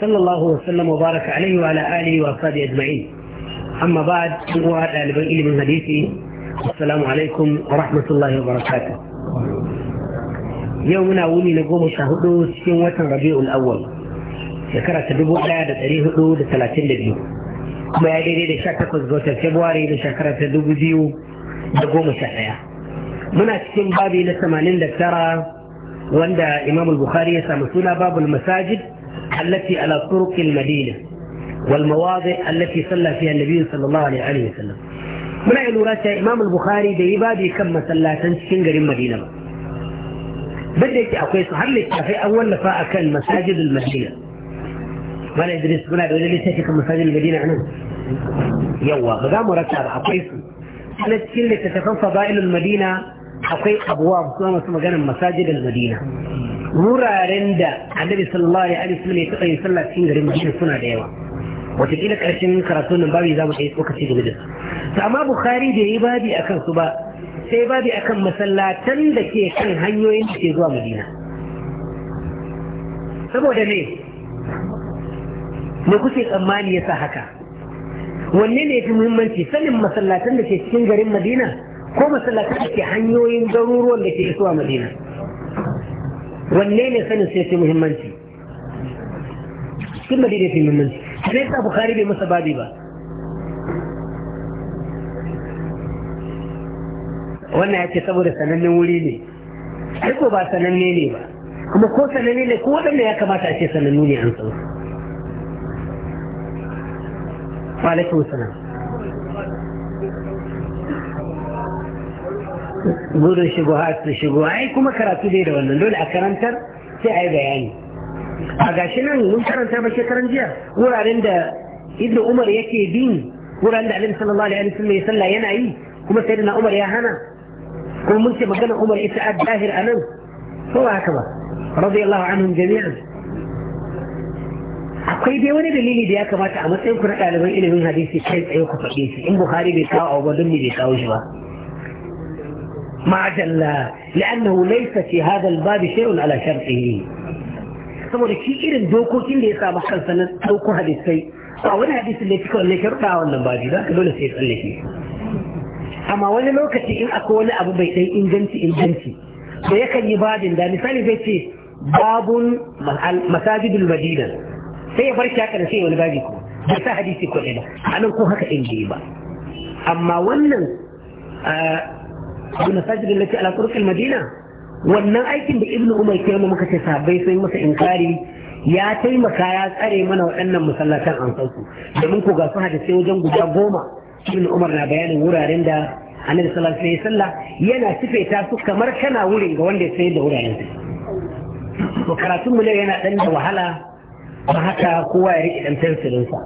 صلى الله وسلم وبارك عليه وعلى آله وأصحابه أجمعين أما بعد هو طالب من حديثي السلام عليكم ورحمة الله وبركاته يومنا ولي نقوم شهدو سكين وطن ربيع الأول شكرا تدبو على تاريخ حدود ثلاثين دبيو كما يدري لشكرا كوزغوتا فبراير لشكرا تدبو ديو نقوم شهدو muna cikin babi na 89 wanda imam bukhari ya samu suna babul التي على طرق المدينه والمواضع التي صلى فيها النبي صلى الله عليه وسلم من اي لورات امام البخاري ده يبادي كم صلى تنشين غير المدينه بدك اكو هل في اول لفاء كان مساجد المدينه ولا ادريس ولا ادريس كيف مساجد المدينه عنه يوا قدام مركب اكويس انا كل اللي تتفضل المدينه اكو ابواب كما مساجد المدينه wuraren da annabi sallallahu alaihi sallam ya taɓa yin sallah cikin garin Madina suna da yawa kila ƙarshen karatun nan babu za mu ɗaya tsokaci game da su to amma bukhari bai yi babi a kansu ba sai babi a kan masallatan da ke kan hanyoyin da ke zuwa madina saboda ne me kuke tsammani ya sa haka wanne ne fi muhimmanci sanin masallatan da ke cikin garin madina ko masallatan da ke hanyoyin garuruwan da ke zuwa madina wanne ne sanin sai sai muhimmanci sun da daidai fi muhimmanci sai sa bukari bai masa babi ba wannan ya ce saboda sanannen wuri ne aiko ba sananne ne ba kuma ko sananne ne ko waɗanda ya kamata a ce sanannu ne an san su. Wa alaikum salam. gudun shubuhat da shubuha ai kuma karatu dai da wannan dole a karantar sai a yi bayani a gashi nan mun karanta ba shekaran jiya wuraren da idan umar yake bin wuraren da alim sallallahu alaihi wasallam ya sallah yana yi kuma sai na umar ya hana kuma mun ce magana umar ita a dahir a nan ko ba haka ba radiyallahu anhum jami'an akwai dai wani dalili da ya kamata a matsayin ku na ɗaliban ilimin hadisi kai tsaye ku faɗe shi in buhari bai kawo abu don bai kawo shi ba مع جلا لأنه ليس في هذا الباب شيء على شرعه saboda shi irin dokokin da ya sa maka sanan dauko hadisai ba wani hadisi da yake kawai sharuɗa wannan babi za ka dole sai tsalle shi amma wani lokaci in akwai wani abu bai dai inganci inganci da yakan yi babin da misali zai ce babun masajidul madina sai ya bar shi haka da sai wani babi ko bai sa hadisi ko ɗaya ba a nan ko haka ɗin ba amma wannan المساجد التي على طرق المدينة wannan aikin da ibnu umar kirma muka ce sabai sun masa inkari ya taimaka ya tsare mana waɗannan masallatan an sauku domin ko ga su sai wajen guda goma ibnu umar na bayanin wuraren da annabi sallallahu alaihi sallah yana sifeta su kamar kana wurin ga wanda ya sayar da wuraren su karatun mu yana dan da wahala ba haka kowa ya riƙe dan tansirin sa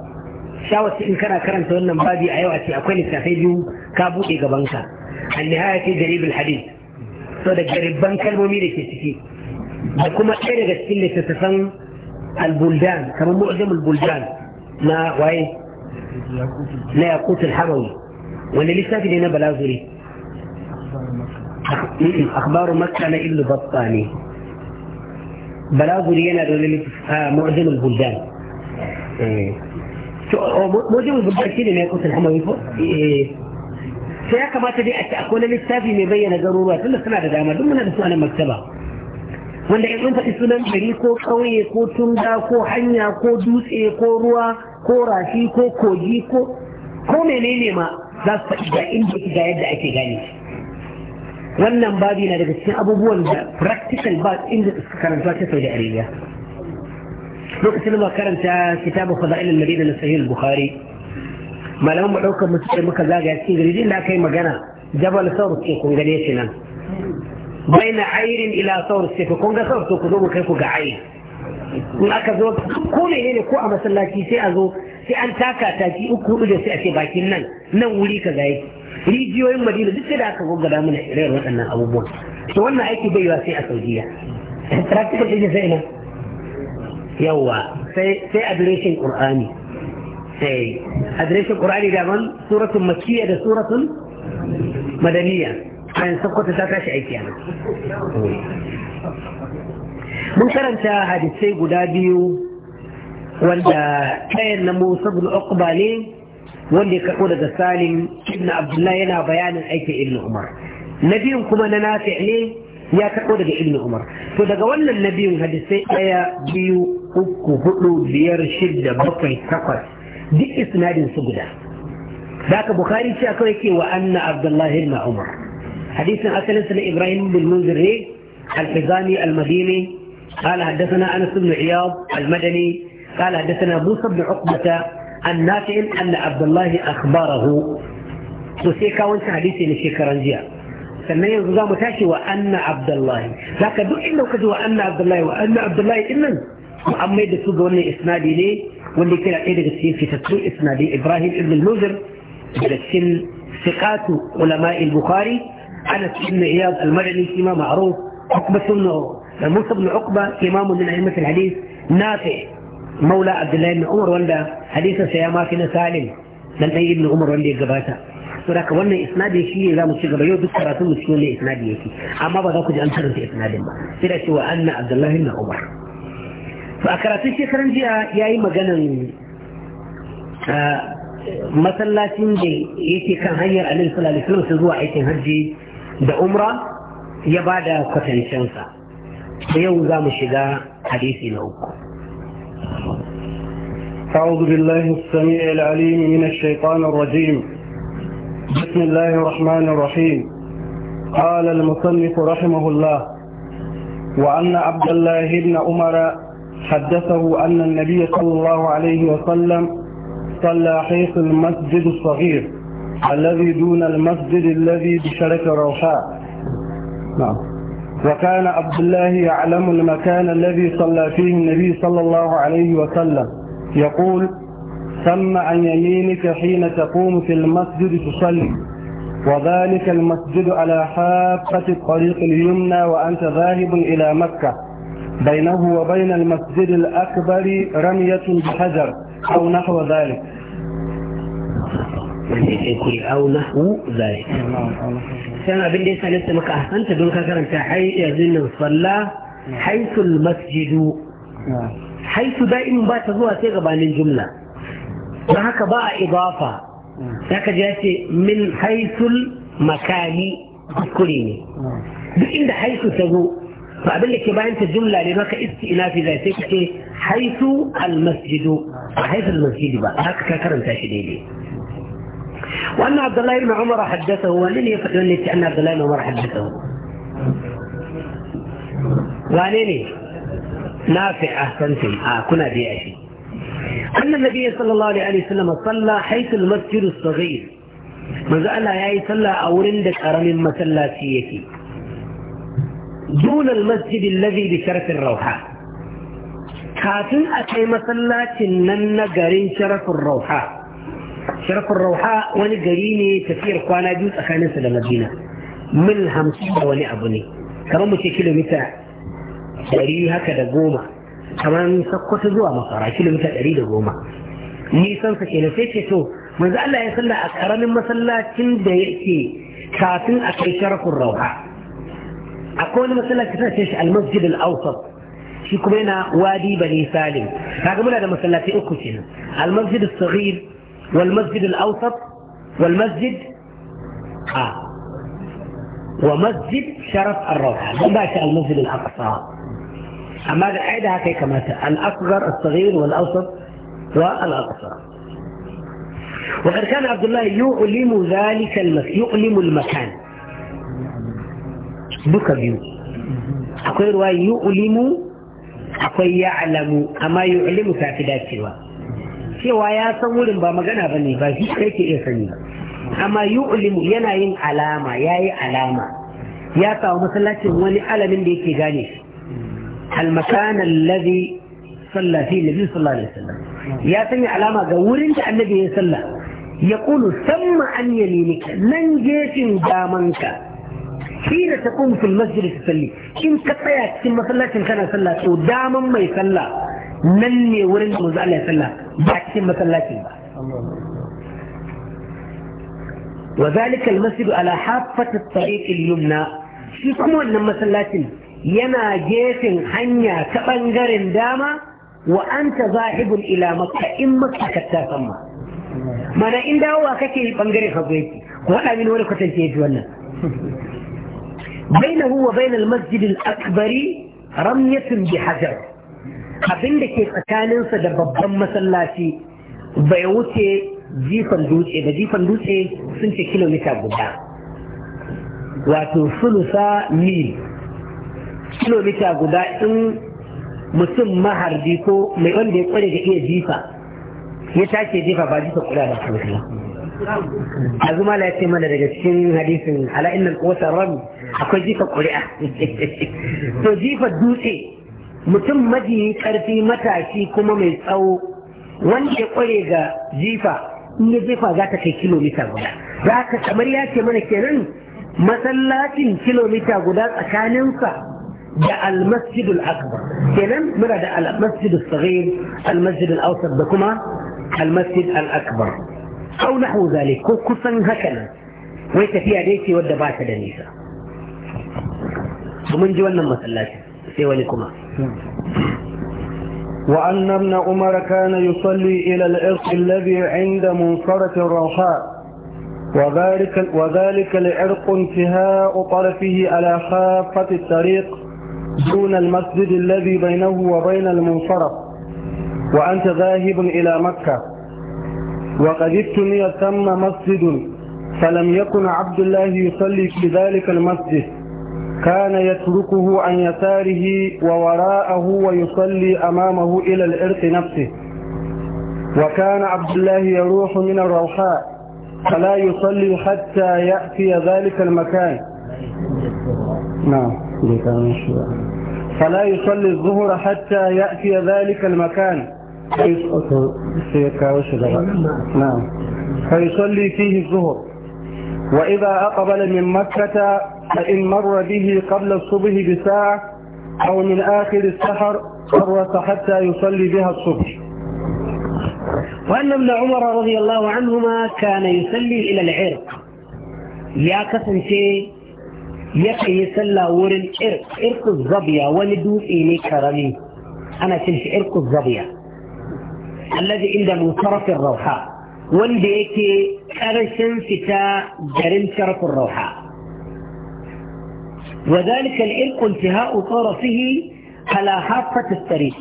shawarci in kana karanta wannan babi a yau a ce akwai littafai biyu ka buɗe ka. النهاية جريب الحديث صدق جريب بنك المميري في السكي بكما شرق السلة تتفن البلدان كما معظم البلدان ما وعي لا يقوت الحموي ولا لسه في لنا بلاغري اخبار مكة انا ابن بطاني بلاغري انا معظم البلدان ايه. مو مو جوز بالتاكيد انه يقوت الحموي فوق إيه. to ya kamata dai a ce akwai wani littafi mai bayyana garuruwa tunda suna da dama duk muna da su a nan maktaba wanda in an faɗi sunan gari ko ƙauye ko tunga ko hanya ko dutse ko ruwa ko rafi ko kogi ko ko menene ma za su faɗi ga inda ga yadda ake gane wannan babi na daga cikin abubuwan da practical ba inda suka karanta ta Saudi Arabia lokacin da karanta kitabu fada'il al-Madina na Sahih al-Bukhari malaman mu ɗaukar mu suke muka zagaya cikin gari da aka yi magana jabal saur ce kun gane shi nan na airin ila saur ce kun ga saur to ku zo mu kai ku ga ayin in aka zo ko ne ne ko a masallaci sai a zo sai an taka taki uku hudu da sai a ce bakin nan nan wuri ka gaye rijiyoyin madina duk sai da aka gaggada mana irin waɗannan abubuwan to wannan aiki bai yiwa sai a saudiya practical ɗin sai na yawwa sai adireshin qur'ani eh adireshin qur'ani daban suratun makiyya da suratun madaniya an sakwata ta tashi aiki ana mun karanta hadisai guda biyu wanda ɗayan na musa bin uqba ne wanda ya karɓo daga salim ibn abdullahi yana bayanin aikin ibn umar na biyun kuma na nafi ne ya karɓo daga ibn umar to daga wannan na biyun hadisai ɗaya biyu uku hudu biyar shidda bakwai takwas بإسنادٍ isnadin ذاك بخاري da وأن عبد الله akwai عمر. wa anna abdullahi ibn umar hadisin asalin sa قال حدثنا انس بن عياض المدني قال حدثنا موسى بن عقبة النافع ان عبد الله اخبره وسيكا وانت حديثي لشيك رنجيا سنين يوزا متاشي وان عبد الله ذاك دو انه كذو وان عبد الله وان عبد الله انن وعميد السوق اسنادي لي واللي كلا إدغ السين في تطريق اسمى لإبراهيم ابن المزر إلى السن ثقات علماء البخاري على ابن عياض المدني كما معروف عقبة سنه موسى بن عقبة إمام من أئمة الحديث نافع مولى عبد الله بن عمر ولا حديث سيما فينا سالم لن أي ابن عمر ولا جباتا ولك ولا إسنادي شيء لا مشغل يو دكتور أتم مشغول إسنادي أما بذاك جانتر في إسناد ما إلى سوى أن عبد الله بن عمر فأكراتي شكرا يا ياي مغانا مثلا سنجي يتي كان هير عليه الصلاة والسلام سزوا عيتي هجي دا أمرا يبادا كتن يا وزام مشيدا حديثي نوكو أعوذ بالله السميع العليم من الشيطان الرجيم بسم الله الرحمن الرحيم قال المصنف رحمه الله وأن عبد الله بن أمر حدثه أن النبي صلى الله عليه وسلم صلى حيث المسجد الصغير الذي دون المسجد الذي بشرك روحاء نعم وكان عبد الله يعلم المكان الذي صلى فيه النبي صلى الله عليه وسلم يقول سم عن يمينك حين تقوم في المسجد تصلي وذلك المسجد على حافة الطريق اليمنى وأنت ذاهب إلى مكة بينه وبين المسجد الأكبر رمية بحجر أو نحو ذلك يكون أو نحو ذلك كان بالله ليس لسه مك أحسنت دون كرم حي يزن صلى حيث المسجد حيث دائما بات زوا تغبان الجملة وهكا باء إضافة ذاك جاتي من حيث المكان كليني بإن حيث تزو فأبن لك بقى أنت الجملة لبك استئناف ذاتك حيث المسجد حيث المسجد بقى هكذا كرمت شديدي وأن عبد الله بن عمر حدثه ولن يفتني أن عبد الله بن عمر حدثه وأنني نافع أحسنتي آه كنا دي أشي أن النبي صلى الله عليه وسلم صلى حيث المسجد الصغير ماذا قال يا إيه صلى أورندك أرمي مسلاتيكي دون المسجد الذي بشرف الروحة كافن أكي مسلات نن قرين شرف الروحة شرف الروحة واني قريني تفير قوانا جوز أخانيس لمدينة من همسة واني أبني كمان مشي كيلومتر دري هكذا قومة كمان سقط زوا مصر كيلومتر دري ده قومة nisan sa kenan sai ce to manzo Allah ya salla a karamin masallacin da yake kafin a kai sharafin rauha أ مثلا كتنشيش المسجد الاوسط ل أ في كبرنا وادي بني سالم هذا مولانا مثلا في اوكتنا المسجد الصغير والمسجد الاوسط والمسجد آ آه. ومسجد شرف ا ل ر المسجد الاقصى اما ا هكذا كما الاصغر ا ل أ الصغير و ا وقد كان عبد الله يؤلم ذلك المكان يؤلم المكان duka biyu akwai ruwa yi ulimu, akwai alamu amma yi ulimu ta fi dacewa cewa ya san wurin ba magana ba ne ba shi kai ke iya sani ba amma ulimu yana yin alama ya yi alama ya kawo masallacin wani alamin da yake gane shi المكان sallallahu alaihi wasallam ya صلى الله عليه وسلم يا سمي Ya قورين النبي صلى يقول ثم an يمينك nan gefin دامنك حين تقوم في المسجد تصلي إن في كما إن كان صلى قدام ما يصلى نني ورن مزعل يصلى بعد في صلى وذلك المسجد على حافة الطريق اليمنى في كما أن مسلاتي ينا جيف حنيا كبنجر داما وأنت ذاهب إلى مكة إن مكة كتاسما ما أنا إن دعوة كتير بنجر خبيتي وأنا من ولا كتير جيد ولا بينه وبين المسجد الأكبر رمية بحجر abin da ke tsakaninsa da babban masallaci bai wuce jifan dutse da jifan dutse sun ce kilomita guda wato sulusa mil kilomita guda in mutum maharbi ko mai wanda ya kware da iya jifa ya tace jifa ba jifa kula da kuma azuma la yace mana daga cikin hadisin ala nan quwwata rami akwai jifa ƙuri'a. to jifa dutse mutum maji, karfi matashi kuma mai tsawo wanda ya kware ga jifa in ya jefa za ta kai kilomita guda za ka kamar ya ce mana kenan masallacin kilomita guda tsakaninsa da almasjidul akbar kenan muna da almasjidul saghir almasjidul awsat da kuma almasjid al akbar أو نحو ذلك كو كسن هكذا فيها ديسي ودى باتا دنيسا ومن جوانا مسلاتي سيوى لكما وأن ابن عمر كان يصلي إلى العرق الذي عند منصرة الروحاء وذلك, وذلك العرق انتهاء طرفه على خافة الطريق دون المسجد الذي بينه وبين المنصرف وأنت ذاهب إلى مكة وقد ابتني ثم مسجد فلم يكن عبد الله يصلي في ذلك المسجد كان يتركه عن يساره ووراءه ويصلي أمامه إلى الإرث نفسه وكان عبد الله يروح من الروحاء فلا يصلي حتى يأتي ذلك المكان نعم فلا يصلي الظهر حتى يأتي ذلك المكان نعم. فيصلي فيه الظهر وإذا أقبل من مكة فإن مر به قبل الصبح بساعة أو من آخر السحر فرس حتى يصلي بها الصبح وأن ابن عمر رضي الله عنهما كان يصلي إلى العرق يا كثم شيء yakan يسلى ورن إرق إرق الزبية wani dutse كرمي أنا ana إرق الزبية الذي عند منصرف الروحاء wanda أرسن ƙarshen fita شرف الروحاء وذلك الإلق انتهاء طرفه على حافة الطريق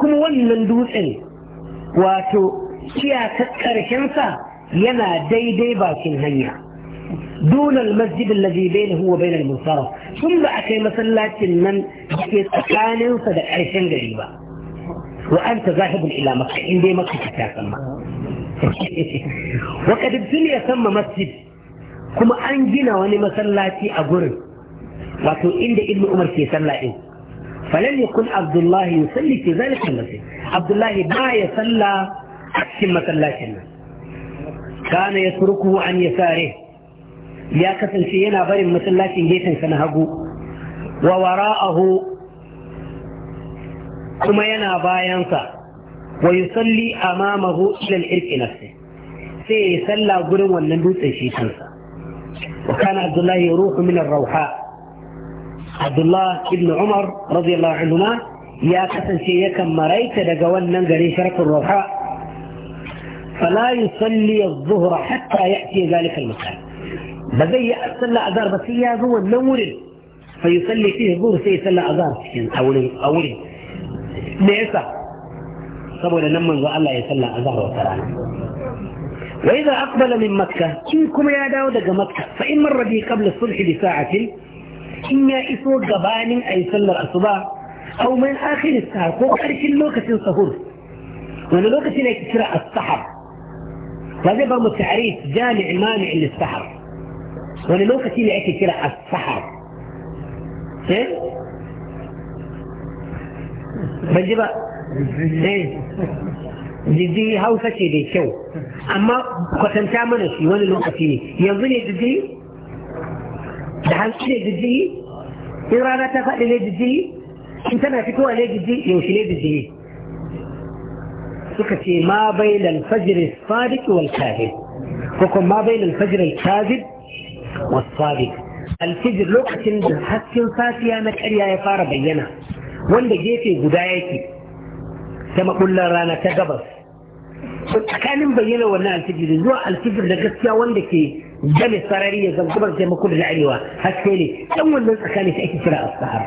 من kuma واتو شيا wato iyakar ƙarshensa دي دي باشن هنيا دون المسجد الذي بينه وبين المنصرف ثم أكي مسلات من في تقانين صدق عرشان قريبا وأنت ذاهب إلى مكة إن مكة تسمى وقد ابتلي يسمى مسجد كما أنجنا وني مسلاتي أقرب واتو إن ابن عمر في سلاتي فلن يكن عبد الله يصلي في ذلك المسجد عبد الله ما يصلى في مسلاتنا كان يتركه عن يساره يا كسل سينا برم مسلاتي جيتا سنهجو ووراءه kuma yana bayansa wa yusalli amamahu ila al-irqi nafsi sai ya salla gurin wannan dutsen shi kansa wa kana abdullah yaruhu min ar-rawha abdullah ibn umar radiyallahu anhuma ya kasance yakan maraita daga wannan garin sharfin rawha فلا يصلي الظهر حتى يأتي ذلك المكان بزي صلى أذار بس يا ذو النور فيصلي فيه الظهر سيصلى أذار أول أول me yasa saboda nan manzo Allah ya sallan azhar wa rana wa idza aqbala min makkah in kuma ya dawo daga makkah fa in marra bi qabla as-subh bi sa'atin in ya iso gabanin ay sallar asuba aw min akhir as-sahar ko karshen lokacin sahur wani lokaci ne ke kira as-sahar ba zai bar mu ta'arif jami'i mani'in lis-sahar wani lokaci ne ake kira as-sahar eh بجيبا إيه. جدي هاو فتي دي شو اما قسم تامن في وين لو يظني جدي دحال جدي يرى تفعل لي جدي انت ما فيكو لي جدي يوش لي جدي سكتي ما بين الفجر الصادق والكاذب وكم ما بين الفجر الكاذب والصادق الفجر لوقت حسن فاتيا نكريا يا فار بينا wanda gefe guda yake ta makullar rana ta gabas tsakanin bayyana wannan alfijir zuwa alfijir da gaskiya wanda ke gane sarari ya gabar da makullar da arewa haske ne dan wannan tsakani ta ake kira asahar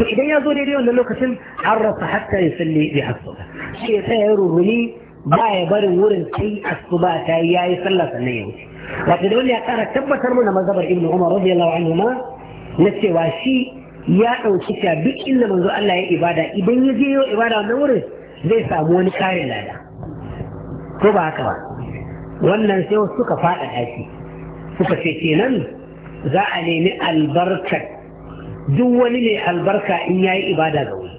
to idan ya zo daidai wannan lokacin an rasa hatta ya salli bi hasu shi ya tsaya rurumi ba ya barin wurin sai asuba ta yi yayi sallah sannan ya wuce wato dole ya kara tabbatar mana mazhabar ibnu umar radiyallahu anhu ma na cewa shi ya ɗauki ta duk inda manzo Allah ya ibada idan ya je yau ibada wannan wurin zai samu wani kare lada ko ba haka ba wannan sai suka faɗa ɗaki suka ce kenan za a nemi albarka duk wani ne albarka in ya yi ibada ga wani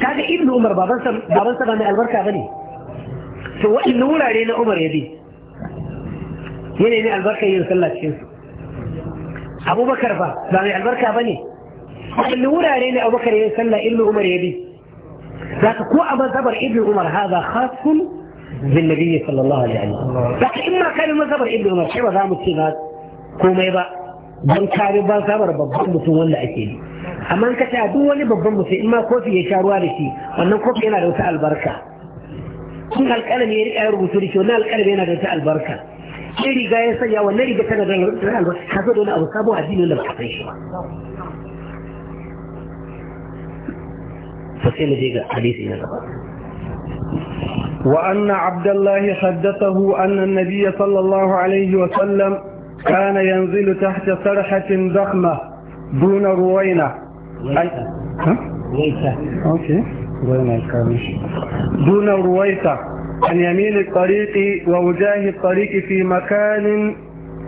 kaga ibnu umar baban ba mai albarka ba ne to wa'in wurare na umar ya bi yanayi nemi albarka yin sallah cikinsu abubakar ba ba mai albarka ba ne wani wurare ne abubakar ya yi sallah ibn umar ya bi za ka ko a mazhabar ibn umar haza khasun bin nabiyyi sallallahu alaihi wasallam za ka in ma kare mazhabar ibn umar sai ba za mu ce na komai ba don kare ba sabar babban mutum wanda ake yi amma ka ta duk wani babban mutum in ma kofi ya sha ruwa da shi wannan kofi yana da wata albarka in alƙalami ya riƙa rubutu da shi wannan alƙalami yana da wata albarka ya sanya wannan riga da ka zo da abu sabo addini ka shi ba وأن عبد الله حدثه أن النبي صلى الله عليه وسلم كان ينزل تحت سرحة ضخمة دون روينة رويسة أوكي دون رويسة عن يمين الطريق ووجاه الطريق في مكان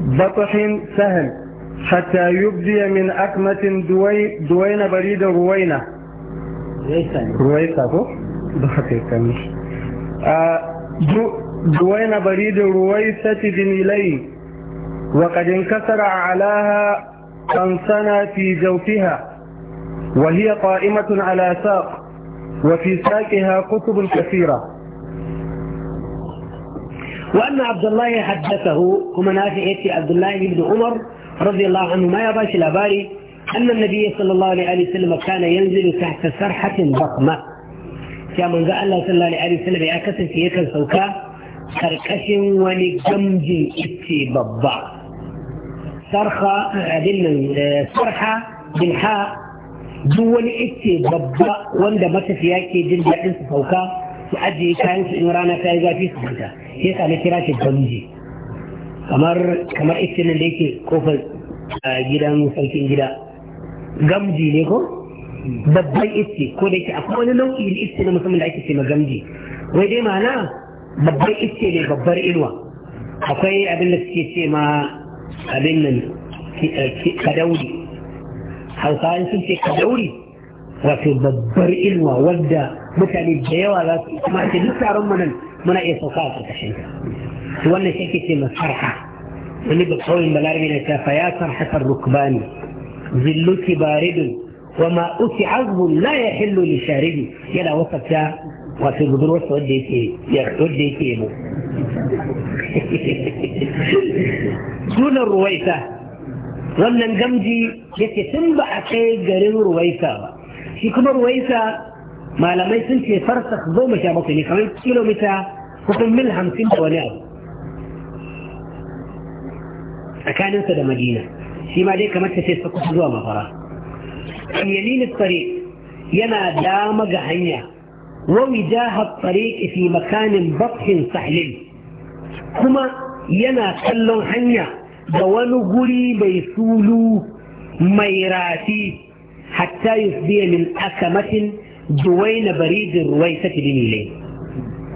بطح سهل حتى يبدي من أكمة دوي دوين بريد روينة رويسة هو؟ آه، دو دوينة بريدة رويسة دنيلي وقد انكسر علاها قنصنة في جوفها وهي قائمة على ساق وفي ساقها كتب كثيرة وأن عبد الله حدثه كما نافع عبد الله بن عمر رضي الله عنه ما يباش الأباري أن النبي صلى الله عليه وسلم كان ينزل تحت سرحة ضخمة كما قال الله صلى الله عليه وسلم يا يأكسن في يكن سوكا كركشن ونجمج إتي ببا صرخة صرحة بالحاء دول إتي ببا وندمت في يكي جلد انت سوكا su ajiye kayan su in rana ta yi zafi su manta sai sa na kira shi gamji kamar kamar ikinin da yake kofar gidan sarkin gida gamji ne ko babban iske ko da yake akwai wani nau'i na iske na musamman da ake ce ma gamji wai dai ma'ana babban iske ne babbar inuwa akwai abin da suke ce ma abin nan kadauri hausawa sun ce kadauri wato babbar inuwa wadda mutane da yawa za su kuma ce duk taron mu nan muna iya sauka a karkashin ta wannan shi ake ce masarha wani ba kawai balarabi na ta fa ya sarhatar rukbani zilluki baridun wa ma uki azbun la ya hillu li sharibi yana wasafta wato budurwarsa wadda yake wadda yake yabo sunan ruwaita wannan gamji yake tun ba a kai garin ruwaita ba shi kuma ruwaisa malamai sun ce farsa zo mu sha bakwai ne kamar kilomita kusan mil hamsin da wani abu tsakaninsa da madina shi ma dai kamar ta ce su kusa zuwa mafara an yamini tsare yana dama ga hanya wani jahar tsare fi makanin bakin sahilin kuma yana kallon hanya da wani guri mai sulu mai rafi حتى يفدي من أكمة جوين بريد الرويسة بن إليه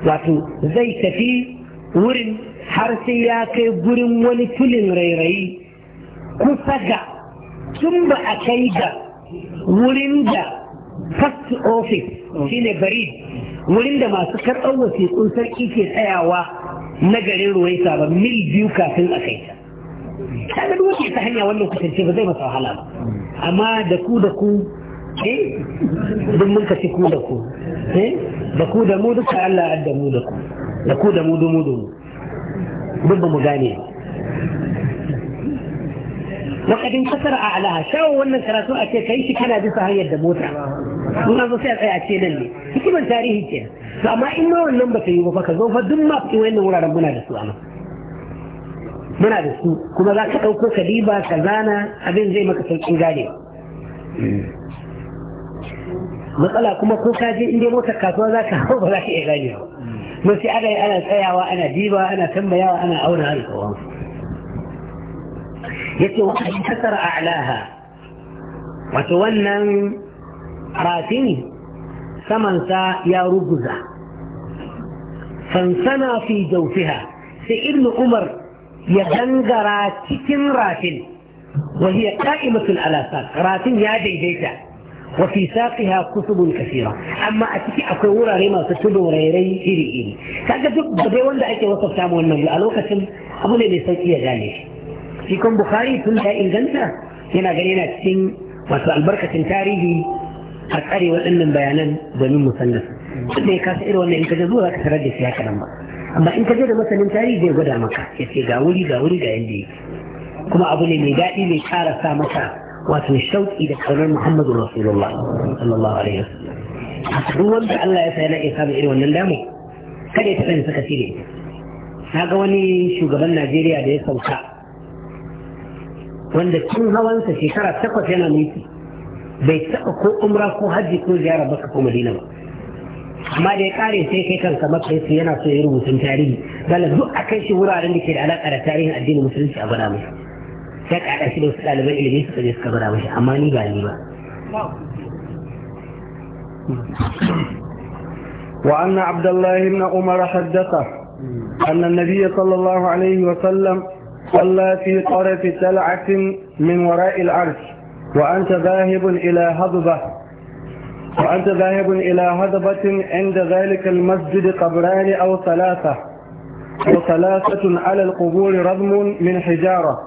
واتو زي تفي ورن حرسي ياكي برن ونفل ري ري كفجا ثم أكيجا ورنجا فست أوفيس سين بريد ورنجا ما سكر أول في قنصر إيكي الأيوة نجرين رويسة بميل بيوكا في الأكيجا هذا الوجه تهنيا وانو كتنشيف زي ما سوى amma da ku da ku eh duk mun ci ku da ku eh da ku da mu duka Allah ya mu da ku da ku da mu da mu da mu duk ba mu gane wakadin kasar a alaha shawo wannan karatu a ce kai shi kana bisa hanyar da mota in an zo sai a tsaya a ce nan ne hikiman tarihi ke amma in ma wannan ba ta yi ba ka zo fa duk ma fi wannan wuraren muna da su a nan muna da su kuma za ka ɗauko ka diba ka zana abin zai maka sauƙin gane matsala kuma ko ka je inda motar kasuwa za ka hau ba za ka iya gane ba mun sai ana ana tsayawa ana diba ana tambayawa ana auna ana kawo yace wa an kasara a'laha wato wannan ratini samansa ya ruguza fansana fi jawfiha sai ibnu umar ya gangara cikin rafin wa hiya qa'imatul ala rafin ya daidaita wa fi saqiha kutubun kaseera amma a ciki akwai wurare masu tudu rairai iri iri kaga duk ba dai wanda ake wasafta mu wannan a lokacin abu ne mai sauki ya gane shi shi kan bukhari tun ta inganta yana gani yana cikin wasu albarkacin tarihi a tsare waɗannan bayanan domin mu san da ya kasa irin wannan in ka zuwa ka tarar da shi haka nan ba amma in ka je da masanin tarihi zai gwada maka ya ce ga wuri ga wuri ga yanda kuma abu ne mai daɗi mai ƙara sa maka wato shauƙi da ƙaunar muhammadu rasulullah sallallahu alaihi wasallam wanda Allah ya sa ya iya samun irin wannan damu kada ya taɓa saka sire na ga wani shugaban najeriya da ya sauka wanda tun hawansa shekara takwas yana mulki bai taɓa ko umra ko hajji ko ziyara baka ko madina ba amma da ya kare sai kai kanka makaisu yana so ya rubutun tarihi dala duk a kai shi wuraren da ke da alaƙa da tarihin addinin musulunci a gwada masa sai ka haɗa shi da wasu ɗaliban ilimi suka je suka gwada masa amma ni ba ni ba وأن عبد الله بن عمر حدثه أن النبي صلى الله عليه وسلم صلى في طرف سلعة من وراء العرش وأنت ذاهب إلى هضبة وأنت ذاهب إلى هضبة عند ذلك المسجد قبران أو ثلاثة أو ثلاثة على القبور رضم من حجارة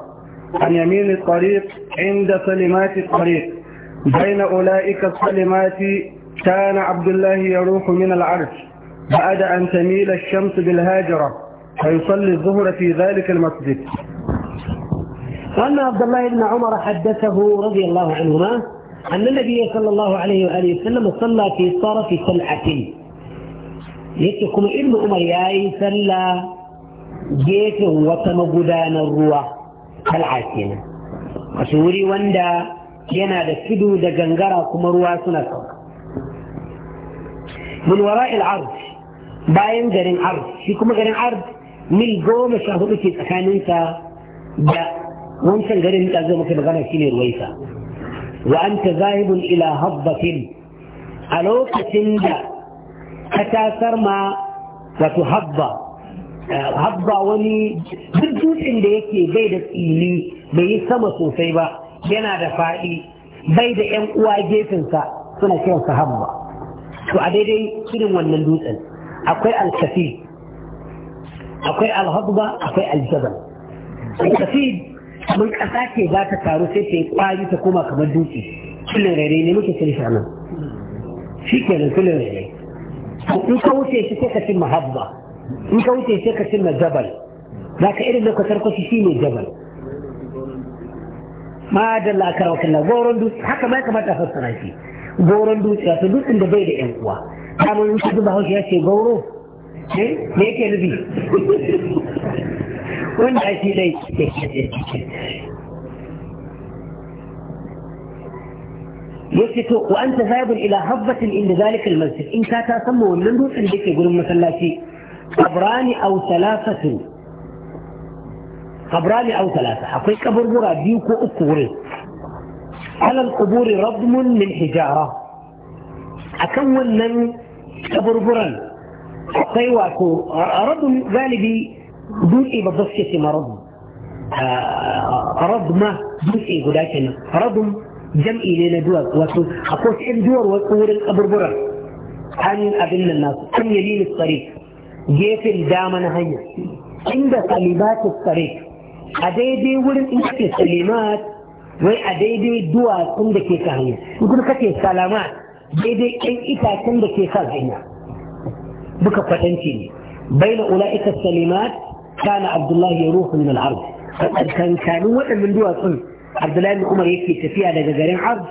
عن يمين الطريق عند سلمات الطريق بين أولئك السلمات كان عبد الله يروح من العرش بعد أن تميل الشمس بالهاجرة فيصلي الظهر في ذلك المسجد وأن عبد الله بن عمر حدثه رضي الله عنهما أن النبي صلى الله عليه وآله وسلم صلى في صرف سلعة يتكم ابن عمر ياي صلى جيت وتمغدان الروى سلعة كنا وشوري وندا ينا دفدو دجنجرا كما روى سنة من وراء العرض باين جرين عرض في كما جرين عرض mil goma sha hudu ke tsakaninsa da wancan garin da zai muke magana shine ruwaisa وأنت ذاهب إلى هضبه ألوك تنجا حتى ترمى وتهضى هضى وني بدوت عندك بيد إلي بيسمى سوسيبا بينا دفائي بيد أم واجي تنسى سنة كيف سهضى وعديدي كنم ونندوت أقوي الكثير أقوي الهضبة أقوي الجبل الكثير kamar ƙasa ce za ta taru sai ta yi ƙwari ta koma kamar dutse kullum rere ne muke cire shanu. shi nan kullum rere in ka wuce shi sai ka cin mahabba in ka wuce sai ka cin jabal za ka irin lokacin kwashi shi ne jabal ma da wakil na goron dutse haka ma ya kamata a fassara shi goron dutse wato dutsen da bai da yan uwa kamar shi zuba hausa ya ce goro ne eh, yake nufi wanda ake يسكت وانت ذاهب الى هضبة عند ذلك المسجد ان كانت تسمى ولندو عندك مثلا شيء قبران او ثلاثه قبران او ثلاثه حقيقة قبر برا بيوكو اكوري على القبور رضم من حجاره اكون من قبربرا برا اقوي رضم غالبي dutse babba suke ce maradun radun ma dutse guda kenan radun jam'i ne na duwatsu wato akwai cikin duwar wasu wurin kaburburan an abin nan nasu an yali tsare gefen dama na hanya inda salibatu tsare a daidai wurin in kake salimat wai a daidai duwatsun da ke kan hanya in kuma kake salamat daidai ɗan itacen da ke kan hanya duka kwatanci ne baina ula'ika salimat كان عبد الله يروح من العرض كان كان وقت من دول عبد الله بن عمر يكفي تفيها لجزارين عرض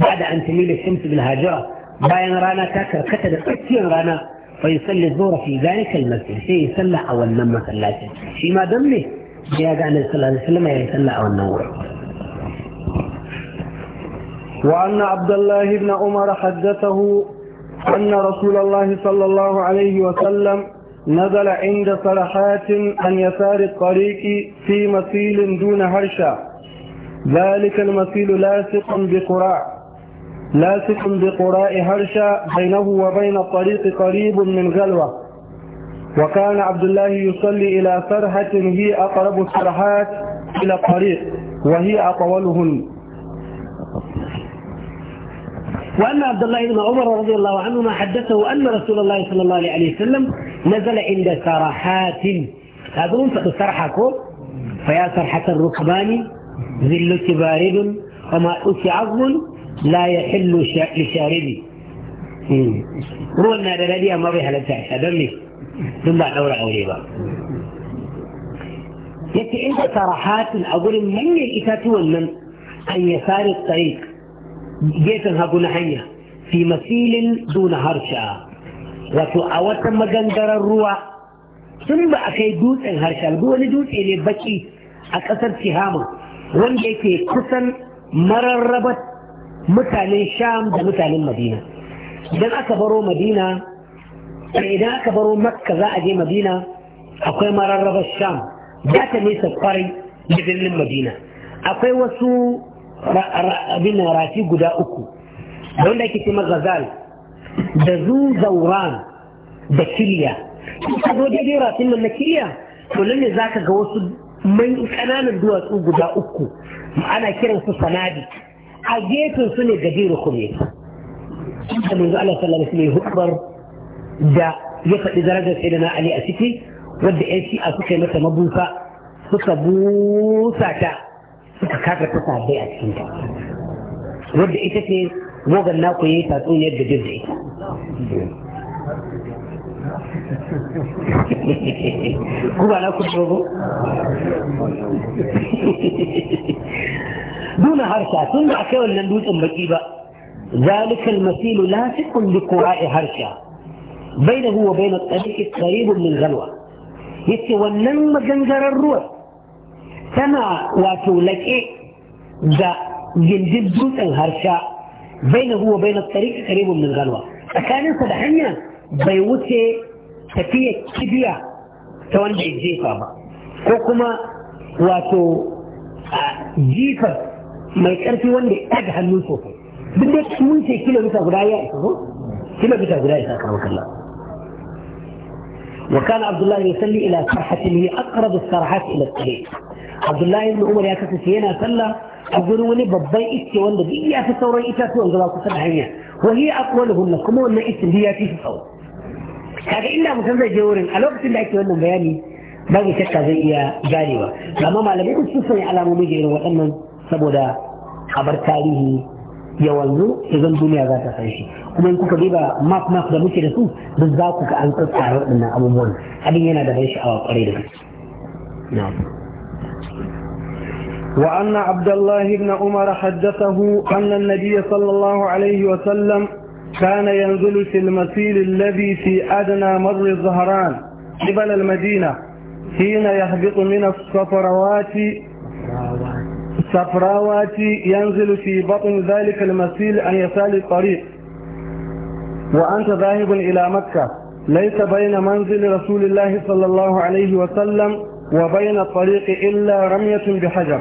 بعد أن تميل الشمس بالهاجرة باين رانا تاكر كتب كثير رانا فيصلي الظهر في ذلك المسجد شيء يصلى أو النم صلاته فيما دمه يا قال صلى الله عليه وسلم يصلى أو النم وأن عبد الله بن عمر حدثه أن رسول الله صلى الله عليه وسلم نزل عند صلحات عن يسار الطريق في مسيل دون هرشة ذلك المسيل لاصق بقراء لاصق بقراء هرشة بينه وبين الطريق قريب من غلوة وكان عبد الله يصلي إلى سرحة هي أقرب السرحات إلى الطريق وهي أطولهن وأن عبد الله بن عمر رضي الله عنهما حدثه أن رسول الله صلى الله عليه وسلم نزل عند سرحات تدرون سرحكو فيا سرحة الركبان ذل بارد وما أتي عظم لا يحل لشاربي روى أن هذا الذي ما بها لن تعيش أدمي ثم أورع أوليبا عند سرحات أقول من يكتون من أن يسار الطريق جيتن هاكو نحية في مثيل دون هرشا وفي اواتا مغندر الروا ثم اكي دوس ان هرشا القوة لدوس الى بكي اكسر تهاما وان جيكي قسن مرر ربط متال الشام دا مدينة المدينة اذا اكبرو مدينة اذا اكبرو مكة ذا اجي مدينة اكوي مرر ربط الشام ذات ليس قري لذن المدينة اكوي وسو abin rafi guda uku da wanda ake cema gazal da zuzauran da kiliya ka zo daidai rafin nan na kiliya to nan ne za ka ga wasu mai kananan duwatsu guda uku Ma'ana kiran su sanadi a gefen su ne gajeru kuma da manzo Allah sallallahu alaihi wasallam da ya faɗi darajar na Ali a ciki wadda yan shi'a suka yi mata mabusa suka busa ta متكرر تسعة بيئة كنت رد إيتكي موغا ناوكي تاتون يد جزء كوبا ناوكي شوفو دون هرشا ثم أكيو اللندوت أمكيبا ذلك المثيل لا تكن لقراء هرشا بينه وبين الطريق قريب من غلوة يتوى النم جنجر الروح tana wato laƙe da gindin dutsen harsha bai na huwa bai na tsari ka kare min galwa tsakaninsa da hanya bai wuce tafiya kibiya ta wanda ya jefa ba ko kuma wato jifar mai ƙarfi wanda ya ɗaga hannun sosai duk da mun ce kilomita guda ya isa ko kilomita guda ya isa kawo kallon وكان عبد الله يصلي الى صرحه اللي هي اقرب الصرحات الى الطريق. عبد الله بن عمر ياتي سينا صلى اقول لي بضي اتي ولا بي ياتي ثوره ياتي ثوره ولا تصبح وهي اقوله لكم ولا اسم هي في الثوره هذا الا مسند جور الوقت اللي اتي ولا بياني باقي شكا زي يا جاريوه لما ما لم يكن سوسني على مميجي وانما سبدا خبر تاريخي يوالو هذا الدنيا ذات عيش كم أنك كذيبا ما ما كذا مش رسو بالذات كأنك تعرف منا أبو مول هذه هنا ذا عيش أو قريبا نعم وأن عبد الله بن عمر حدثه أن النبي صلى الله عليه وسلم كان ينزل في المسيل الذي في أدنى مر الزهران قبل المدينة حين يهبط من الصفروات صفراواتي ينزل في بطن ذلك المسيل عن يسار الطريق وأنت ذاهب إلى مكة ليس بين منزل رسول الله صلى الله عليه وسلم وبين الطريق إلا رمية بحجر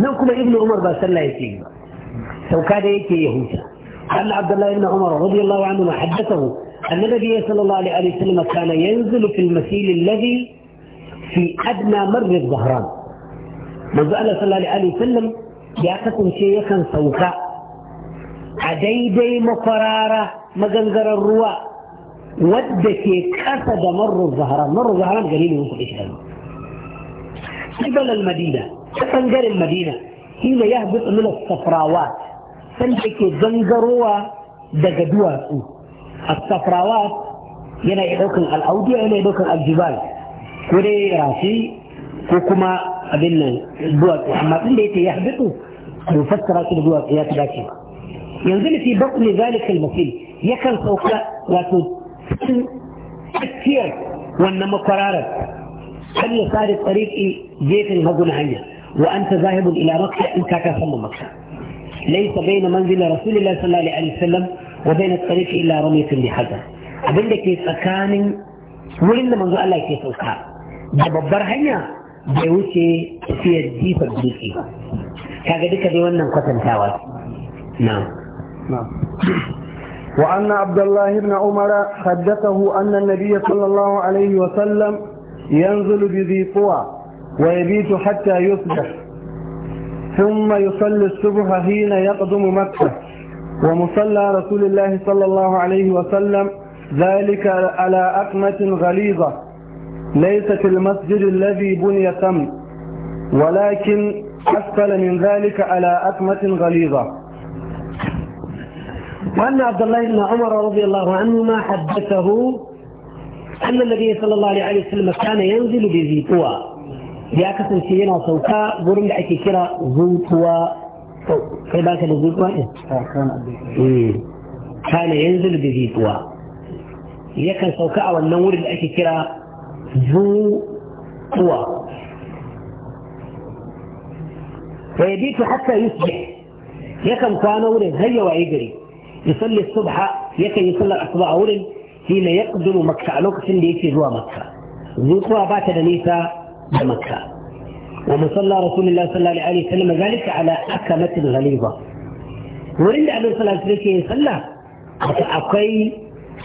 نوكم نعم، ابن عمر بس صلى يتيه سو كاد يتي يهودا أن عبد الله بن عمر رضي الله عنهما حدثه أن النبي صلى الله عليه وسلم كان ينزل في المسيل الذي في أدنى مر الظهران manzo Allah sallallahu alaihi wasallam ya kasance yakan sauka a daidai makwarara maganzarar ruwa wadda ke kasa da marru zahara marru zahara gari ne kuɗi shi kibal madina ta bangaren madina shi ne ya habi tsamila safrawa da ke gangarowa daga duwatsu a safrawa yana iya al audiya yana iya al jibal ko dai rafi ko kuma قبلنا البوك لما قلت يهبطوا المفسر أكل البوك يا تباكي ينزل في بطن ذلك المفيد يكن فوقا لكن تكير وانما قرارا هل يصار الطريق جيت المدن عنيا وانت ذاهب الى مكة انك كفم مكة ليس بين منزل رسول الله صلى الله عليه وسلم وبين الطريق الا رمية لحجر قبل لك فكان ولن منزل الله كيف الخار ببر هنيا bai wuce tafiyar jifar dutse kaga duka dai wannan kwatantawa na وأن عبد الله بن عمر حدثه أن النبي صلى الله عليه وسلم ينزل بذي قوى ويبيت حتى يصبح ثم يصلي الصبح حين يقدم مكة ومصلى رسول الله صلى الله عليه وسلم ذلك على أقمة غليظة ليس في المسجد الذي بني تم ولكن أسفل من ذلك على أكمة غليظة وأن عبد الله بن عمر رضي الله عنهما حدثه أن النبي صلى الله عليه وسلم كان ينزل بزيتوى ya kasance yana sauka wurin da ake kira zutuwa kai ba ka da zutuwa ɗin? kana yanzu da zuwa fa yabitu hatta yusbih yakan kwana wurin har ya waye gari yusalli subha yakan yi sallar asuba a wurin hina yaqduru makka a lokacin da yake zuwa makka zuwa ba ta da nisa da makka ومصلى رسول الله صلى الله عليه وسلم ذلك على أكمة غليظة ورد أبن صلى الله عليه وسلم يصلى أقوي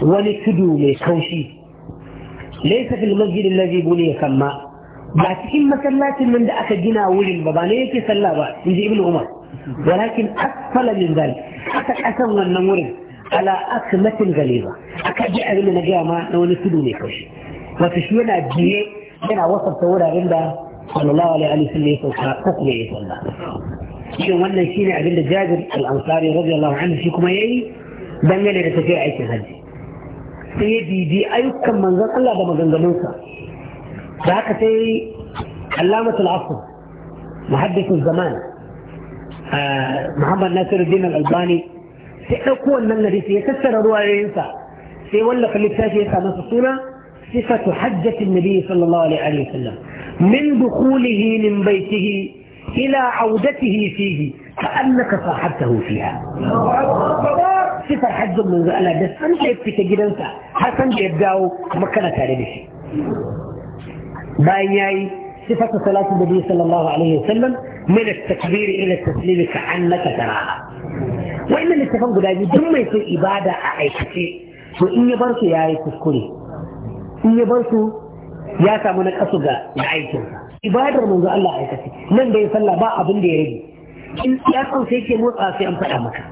ولتدو لكوشي ليس في المسجد الذي بني سما لكن مسلات من دأخ جنا ولي البضانية سلا بعد ابن عمر ولكن أكفل من ذلك حتى أسر من نمر على أكمة غليظة أكجع من ما نجامة ونسدوني خشي وتشوينا الجيه هنا وصل صورة عند صلى الله عليه وسلم تقوي صلى الله عليه وسلم شنو عند جابر الأنصاري رضي الله عنه فيكم أي دنيا لتجاعي في هذه sai ya didi ayyukan manzon Allah da maganganunsa da haka sai allamatul asr muhaddithul zaman muhammad nasiruddin al-albani sai ɗauko wannan hadisi ya tattara ruwayoyinsa sai wallafa littafi ya samu suna صفة حجة النبي صلى الله عليه وسلم من دخوله من بيته إلى عودته فيه كأنك صاحبته فيها sifar hajjin manzo Allah da san da fita gidansa har san da ya dawo kuma kana tare da shi bayan yayi sifar salatu da biyu sallallahu alaihi wasallam min at-takbir ila at-taslim ka annaka taraha wa'annan littafan guda biyu duk mai son ibada a aikace to in ya bar su yayi kuskure in ya bar su ya samu na kasu ga aikinsa ibadar manzo Allah aikace nan da ya sallah ba abin da ya rage in ya san sai ke motsa sai an faɗa maka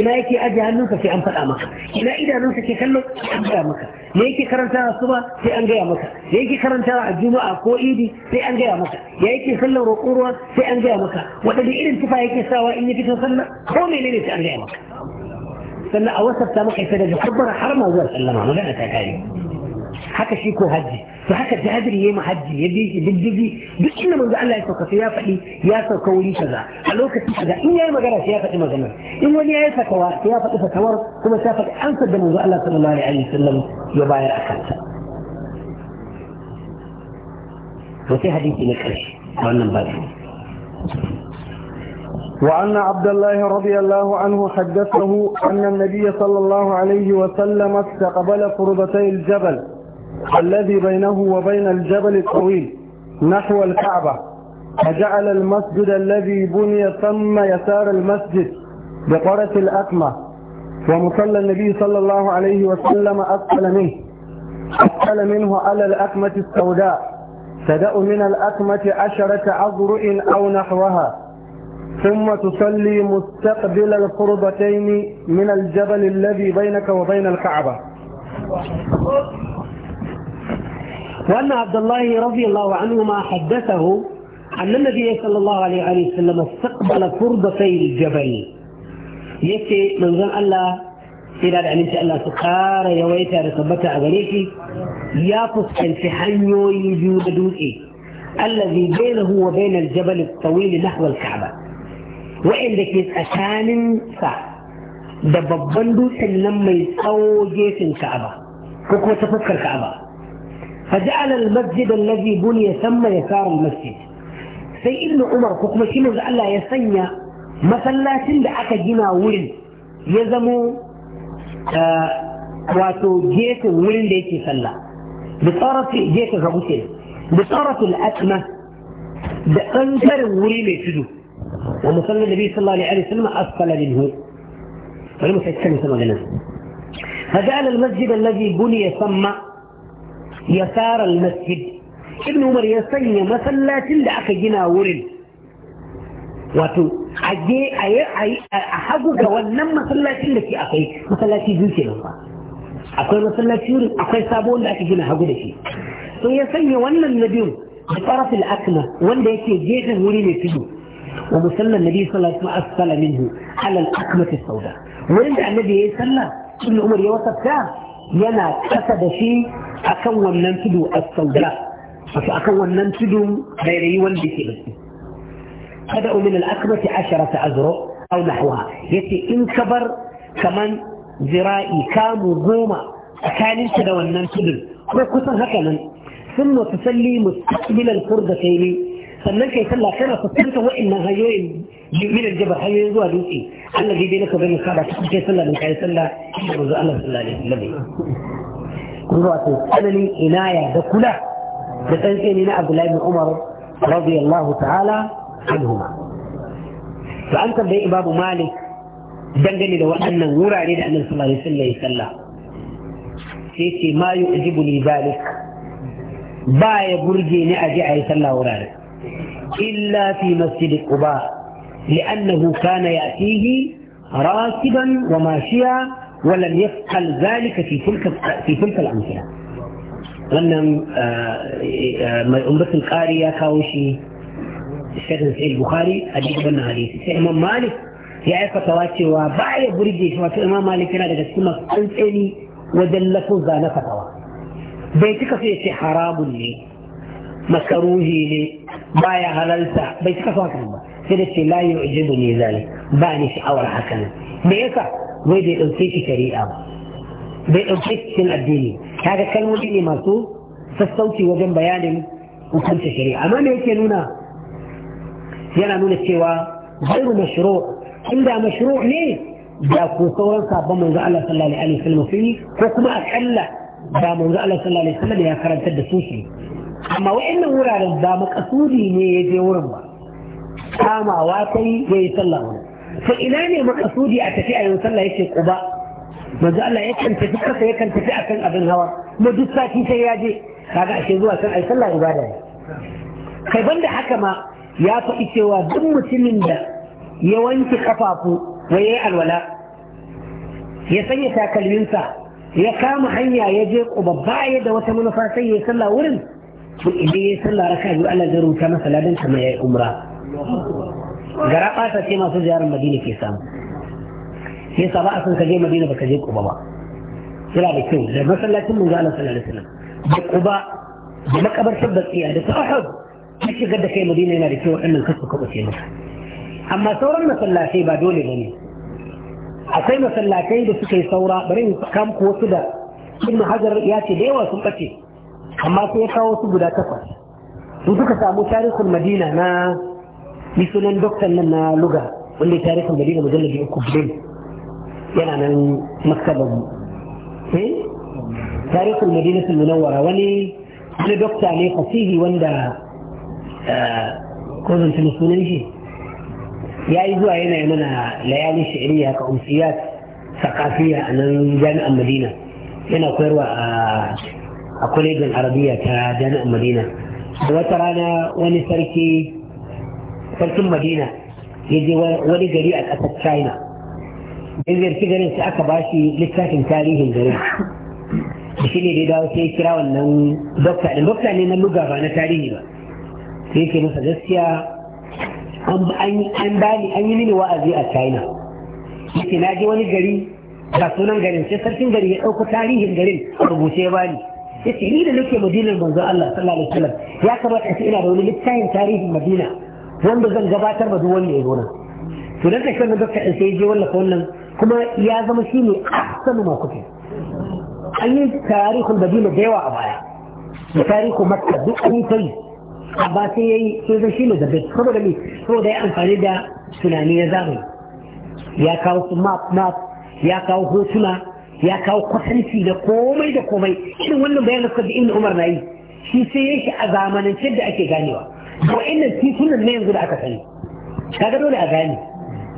ina yake ajiye hannunka sai an faɗa maka ina idanunka ke kallon sai an gaya maka me yake a suba sai an gaya maka me yake karantawa a juma'a ko idi sai an gaya maka ya yake sallar roƙon ruwa sai an gaya maka waɗanne irin tufa yake sawa in ya fito sallar ko menene sai an gaya maka sannan a wasafta maka ita daga kabbara har ma zuwa sallama magana ta kare haka shi ko hajji فهكذا هذا اللي ما حد يدي بالجدي بس إنه من الله يسوق فيا فلي يا سوق ولي كذا ألوك كذا إني ما جرى فيا فتي ما جنى يا سكوا فيا فتي سكوا ثم سافر أنت بن الله صلى الله عليه وسلم يباير أكثر وفي حديث نكرش وأنا بعد وأن عبد الله رضي الله عنه حدثه أن النبي صلى الله عليه وسلم استقبل قربتي الجبل الذي بينه وبين الجبل الطويل نحو الكعبة فجعل المسجد الذي بني ثم يسار المسجد بقرة الأكمة ومصلى النبي صلى الله عليه وسلم أسفل منه أسفل منه على الأكمة السوداء تدأ من الأكمة عشرة عذرء أو نحوها ثم تصلي مستقبل القربتين من الجبل الذي بينك وبين الكعبة وأن عبد الله رضي الله عنهما حدثه أن النبي صلى الله عليه وسلم استقبل فردتي الجبل يكي من ظن الله إلى أن الله سقار يويتا رسبتا أغليكي يقص الفحنيو يجود دوئي إيه. الذي بينه وبين الجبل الطويل نحو الكعبة وإن ذكيت أشان سعر دببندو سلم dutsen في الكعبة tsawo gefen الكعبة فجعل المسجد الذي بني ثم يسار المسجد sai ibnu umar ko kuma shi manzo Allah ya sanya masallacin da aka gina wurin ya zamo wato gefen wurin da yake sallah da tsarafi gefen hagu ce da tsarafin asma da ɓangaren wuri mai tudu wa musallin da bi sallallahu alaihi wasallam asfala minhu bari mu sai kan sama ganin فجعل المسجد الذي بني ثم يسار المسجد ابن عمر يسني مثلا دا اكا جنا ورين واتو اجي اي اي احقو دا ونم مسلاتين دا اكاي مسلاتين دي كي نمبا اكوي مسلاتين ورين اكوي سابون دا اكا جنا حقو دا كي تو يسني ونن النبيون بطرف الاكمة وان دا يكي جيت ورين يتدو ومسلل النبي صلى الله عليه وسلم أسفل منه على الأكمة السوداء وين النبي صلى الله عليه وسلم ابن عمر يوصف كا ينا كسد شيء akan wannan tudu a sauda wato akan wannan tudun rairayi wanda ke da su kada umin al'akmati ashara ta azro au nahwa yace in ka bar kaman zira'i kamu goma tsakaninka da wannan tudun ko kusan haka nan sun mutu salli furda mustaqbilal furdataini sannan kai sallah kana fuskanta wa'annan hanyoyin min aljabar hanyoyin zuwa dutse Allah bai bai naka bane ka ba kuke sallah da kai sallah da manzo Allah sallallahu alaihi wasallam zuwa to tsananin inaya da kula da tsantseni na abdullahi bin umar radiyallahu ta'ala anhuma to an tambayi babu malik dangane da waɗannan wurare da annabi sallallahu alaihi wasallam ya sai ce ma yu'jibu li zalik ba ya burge ni aje ayi sallah wurare illa fi masjid quba li'annahu kana ya'tihi راكبا وماشيا ولم يفعل ذلك في تلك في تلك الامثله. لم آه، آه، ما يقول القاري يا كاوشي الشيخ سعيد البخاري اديك بن حديث الشيخ مالك يا ايفا تواتي وباي بريدي تواتي الامام مالك انا لك كما قلتني ودلك زانك توا بيتك في شيء حرام لي مكروه لي بايا هللت بيتك فاكر الله لا يعجبني ذلك باني شعور حكمه بيتك wai bai ɗauke shi shari'a ba bai ɗauke shi cikin addini kaga kalmomi ne masu sassauci wajen bayanin hukunta shari'a amma me yake nuna yana nuna cewa gairu mashru inda mashru ne da ku sauran sabon manzo Allah sallallahu alaihi wasallam sun ko kuma akalla da manzo Allah sallallahu alaihi wasallam ya karantar da su shi amma wayannan wuraren ba makasudi ne ya je wurin ba kamawa kai ya yi sallah wani to ina ne makasudi a tafi a yau sallah yake kuba manzo Allah yakan tafi kasa yakan tafi akan abin hawa kuma duk sati sai ya je kaga ashe zuwa kan ai sallah ibada ne kai banda haka ma ya faɗi cewa duk mutumin da ya wanke kafafu wa yayi alwala ya sanya takalminsa ya kama hanya ya je kuba baya da wata manufa sai ya sallah wurin to idan ya sallah raka biyu Allah zai rubuta masa ladan kamar yayi umra gara ɓata ce masu ziyarar madina ke samu sai sa ba a san ka je madina baka je kuba ba Suna da kyau da masallacin mun ga Allah sallallahu alaihi wasallam da kuba da makabartar batsiya da sahab ta shigar da kai madina yana da kyau waɗannan kasu kaɓa ce maka amma sauran masallatai ba dole ba ne akwai masallatai da suka yi saura bari in kam ko wasu da ibn hajar ya ce da yawa sun ɓace amma sai ya kawo su guda takwas sun suka samu tarihul madina na ni sunan doktan nan na luga wanda ya da madina da uku bin yana nan maktabar mu eh? tarihin madina sun wara wani wani dokta ne fasihi wanda eh, ko zan tuna sunan shi ya yi zuwa yana na layalin shi'iriya ka umsiyat sakafiya a nan jami'an madina yana koyarwa a kwalejin arabiya ta jami'an madina da wata rana wani sarki sarkin madina ya je wani gari a ƙasar china ya ziyarci garin sai aka bashi littafin tarihin garin shi ne da dai dawo sai kira wannan dokta ɗin dokta ne na luga ba na tarihi ba sai yake masa gaskiya an bani an yi mini wa'azi a china yake na je wani gari ga sunan garin sai sarkin gari ya ɗauko tarihin garin a rubuce ya bani yace ni da nake madinar manzon Allah sallallahu alaihi wasallam ya kamata a ce ina da wani littafin tarihin madina wanda zan gabatar da duk wanda ya zo su to dan kashe da dokta sai je wallafa wannan kuma ya zama shi ne a ma kuke an yi tarihul madina da yawa a baya da tarihu makka duk an yi a amma sai ya yi sai zai shi ne da bai saboda mai saboda ya amfani da tunani ya zamani ya kawo su map map ya kawo hotuna ya kawo kwatanci da komai da komai irin wannan bayan da suka da ibn umar na yi shi sai ya shi a zamanance da ake ganewa wa'annan titunan na yanzu da aka sani kaga dole a gane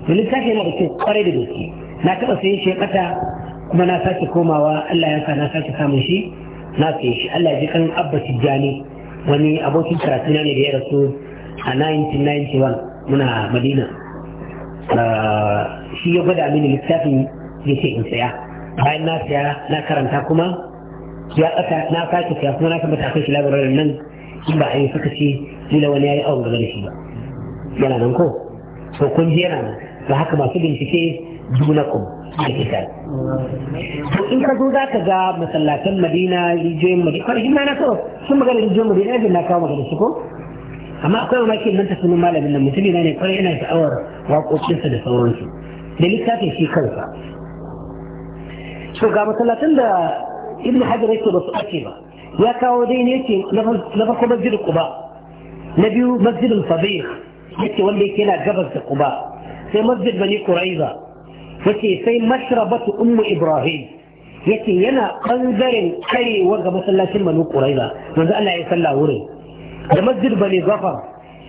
da littafi yana da kyau kwarai da gaske na taɓa sai shi kata kuma na sake komawa Allah ya sa na sake samun shi na sai shi Allah ya ji kan Abba Tijjani wani abokin karatu na ne da ya rasu a 1991 muna Madina ah, shi ya gwada mini littafin ya ce in saya bayan na saya na karanta kuma ya na sake saya kuma na tabbata kai shi labarin nan in ba a yi suka ce kila wani ya yi awon gaba da shi ba yana nan ko to kun ji yana nan da haka masu bincike juna ku da kitab to in ka zo za ka ga masallatan madina rijiyoyin madina kwanakin na kawo sun magana rijiyoyin madina yadda na kawo magana su ko amma akwai mamaki nan ta sunan malamin nan mutum yana ne kwarai yana sa'awar waƙoƙinsa da sauransu da littafin shi kansa to ga masallatan da ibn hajar yake ba su ake ba ya kawo dai ne yake na farko masjid quba نبيو مسجد الفضيخ حتى ولي كنا جبل القباء في مسجد بني قريظة وكي في مشربة أم إبراهيم يتي ينا قنزر كري ورغة مسلا شمى نو قريظة ونزع الله يسلى وري لمسجد بني غفر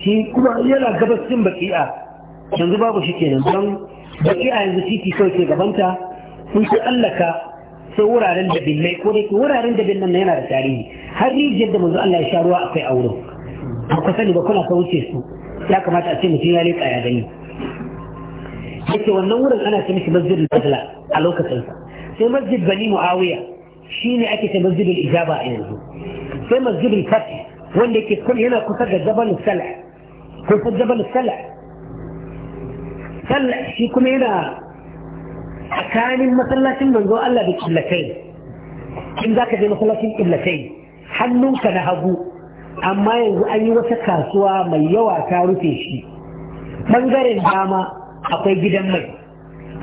شي كما يلا جبل سن بكيئة شنزو بابو شكي نمتن بكيئة ينزو شي تي سوي كبانتا ونزع الله سورة رنجة بالله كوريك ورا رنجة بالله نينا رتاريه هل يجد مزع الله يشاروها أكي أورو ba ku sani ba kuna ka su ya kamata a ce mutum ya leƙa ya gani yake wannan wurin ana ce mishi masjidul badla a lokacin sa sai masjid bani muawiya shine ake ce masjidul ijaba a yanzu sai masjidul fath wanda yake kun yana kusa da jabalul sala kusa da jabalul sala sala shi kuma yana tsakanin masallacin manzo Allah da killatai in zaka je masallacin killatai hannunka na hagu amma yanzu an yi wata kasuwa mai yawa ta rufe shi bangaren dama akwai gidan mai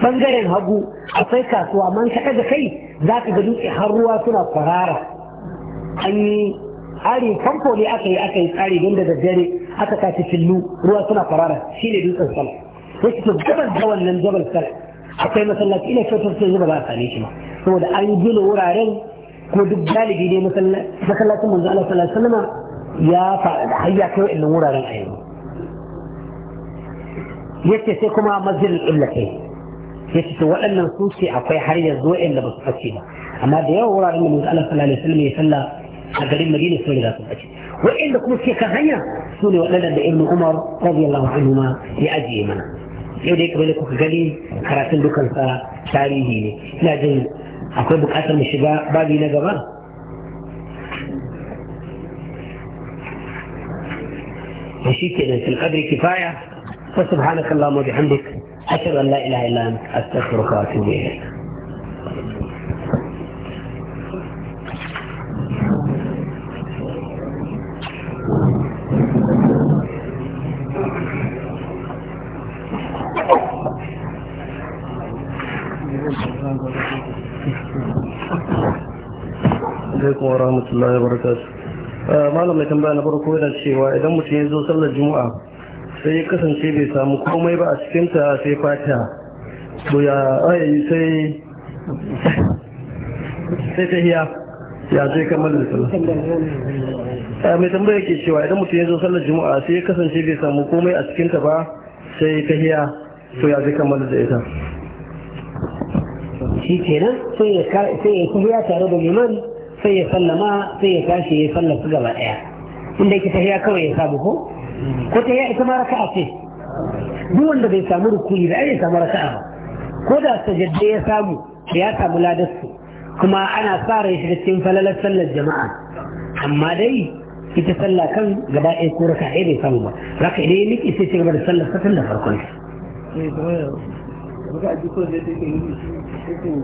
bangaren hagu akwai kasuwa man kaɗa da kai za ka ga dutse har ruwa suna kwarara an yi tsari famfo ne aka yi aka yi tsari don da daddare aka tashi fillu ruwa suna kwarara shi ne dutsen sal ya ce gabar da wannan jabal sal akwai masallaci ina kyautar sai zuba ba a same shi ba saboda an gina wuraren ko duk galibi ne masallacin manzo Allah sallallahu alaihi wasallam ya faɗa har ya kai wa'annan wuraren a yanzu yace sai kuma mazil illatai yace to waɗannan su ce akwai har yanzu wa'anda ba su fashe ba amma da yawan wuraren da manzo Allah sallallahu alaihi ya a garin Madina sun riga sun fashe wa'anda kuma ke kan hanya su ne waɗanda da Ibn Umar radiyallahu anhu ma ya ajiye mana yau dai kamar kuka gani karatun dukansa tarihi ne ina jin akwai buƙatar mu shiga babi na gaba هشيك كده في القدر كفاية فسبحانك اللهم وبحمدك أشهد أن لا إله إلا أنت أستغفرك وأتوب إليك عليكم ورحمة الله وبركاته Eh, malam mai tambaya na farko yana cewa idan mutum ya zo sallar juma'a sai ya kasance bai samu komai ba a cikin ta sai fata to ya ayi sai sai ta hiya ya zai kamar da sallar eh, mai tambaya ke cewa idan mutum ya zo sallar juma'a sai ya kasance bai samu komai a cikin ta ba sai ta hiya to ya zai kamar da ita shi kenan sai ya kuma ya tare da limani sai ya sallama sai ya tashi ya sallar su gaba daya inda yake tahiya kawai ya samu ko ko tahiya ita ma raka'a ce duk wanda bai samu rukuni da ai samu raka'a ba ko da sajadda ya samu ya samu ladarsu kuma ana tsara ya shi cikin falalar sallar jama'a amma dai ita sallah kan gaba ɗaya ko raka'a bai samu ba raka'a idan ya miƙe sai ce gaba da sallar sa da farkon eh,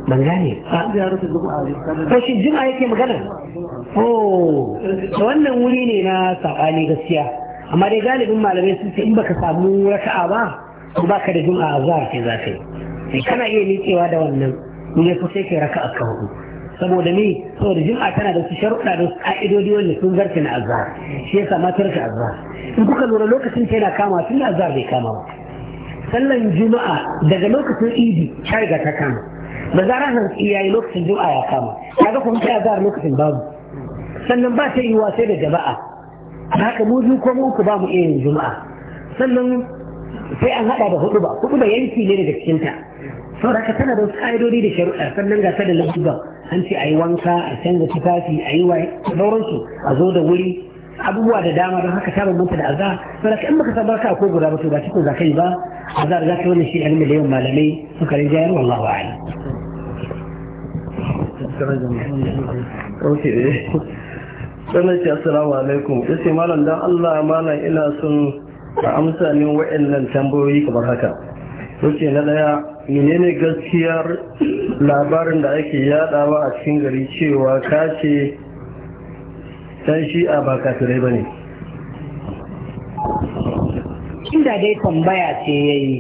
ban gane jima'a yake magana oh da wannan wuri ne na saɓani gaskiya amma dai galibin malamai sun ce in baka samu raka'a ba to baka da jima'a zuwa ce za ka yi eh, kana iya nitsewa da wannan in ya sai kai raka'a ka hudu saboda ni saboda jima'a tana da su sharuɗa da ka'idodi wanda sun zarce na azhar shi yasa ma tarka azhar in kuka lura lokacin ta yana kama tun azhar bai kama ba sallan juma'a daga lokacin idi ta riga ta kama da zarar hantsi yayi lokacin juma'a ya kama kaga kuma ta zara lokacin babu sannan ba ta yi wasai da jama'a haka mu biyu ko mu uku ba mu iya yin juma'a sannan sai an haɗa da hudu ba hudu ba yanki ne daga cikin ta saboda tana da wasu ka'idodi da shari'a sannan ga ta da lafiya an ce a yi wanka a canza tufafi a yi wa sauransu a zo da wuri abubuwa da dama don haka ta bambanta da azhar saboda in baka san barka ko guda ba to ba cikin zakai ba azhar za ka wani shi ilmi da yawan malamai kare jayar wallahu a'lam Okay. Eh. Sannan ce assalamu alaikum. ce malam dan Allah malam ina son a amsa min wa'annan tambayoyi kamar haka. ce na daya menene gaskiyar labarin da ake yadawa a cikin gari cewa kace dan shi'a ba kafirai ba ne inda dai tambaya ce ya yi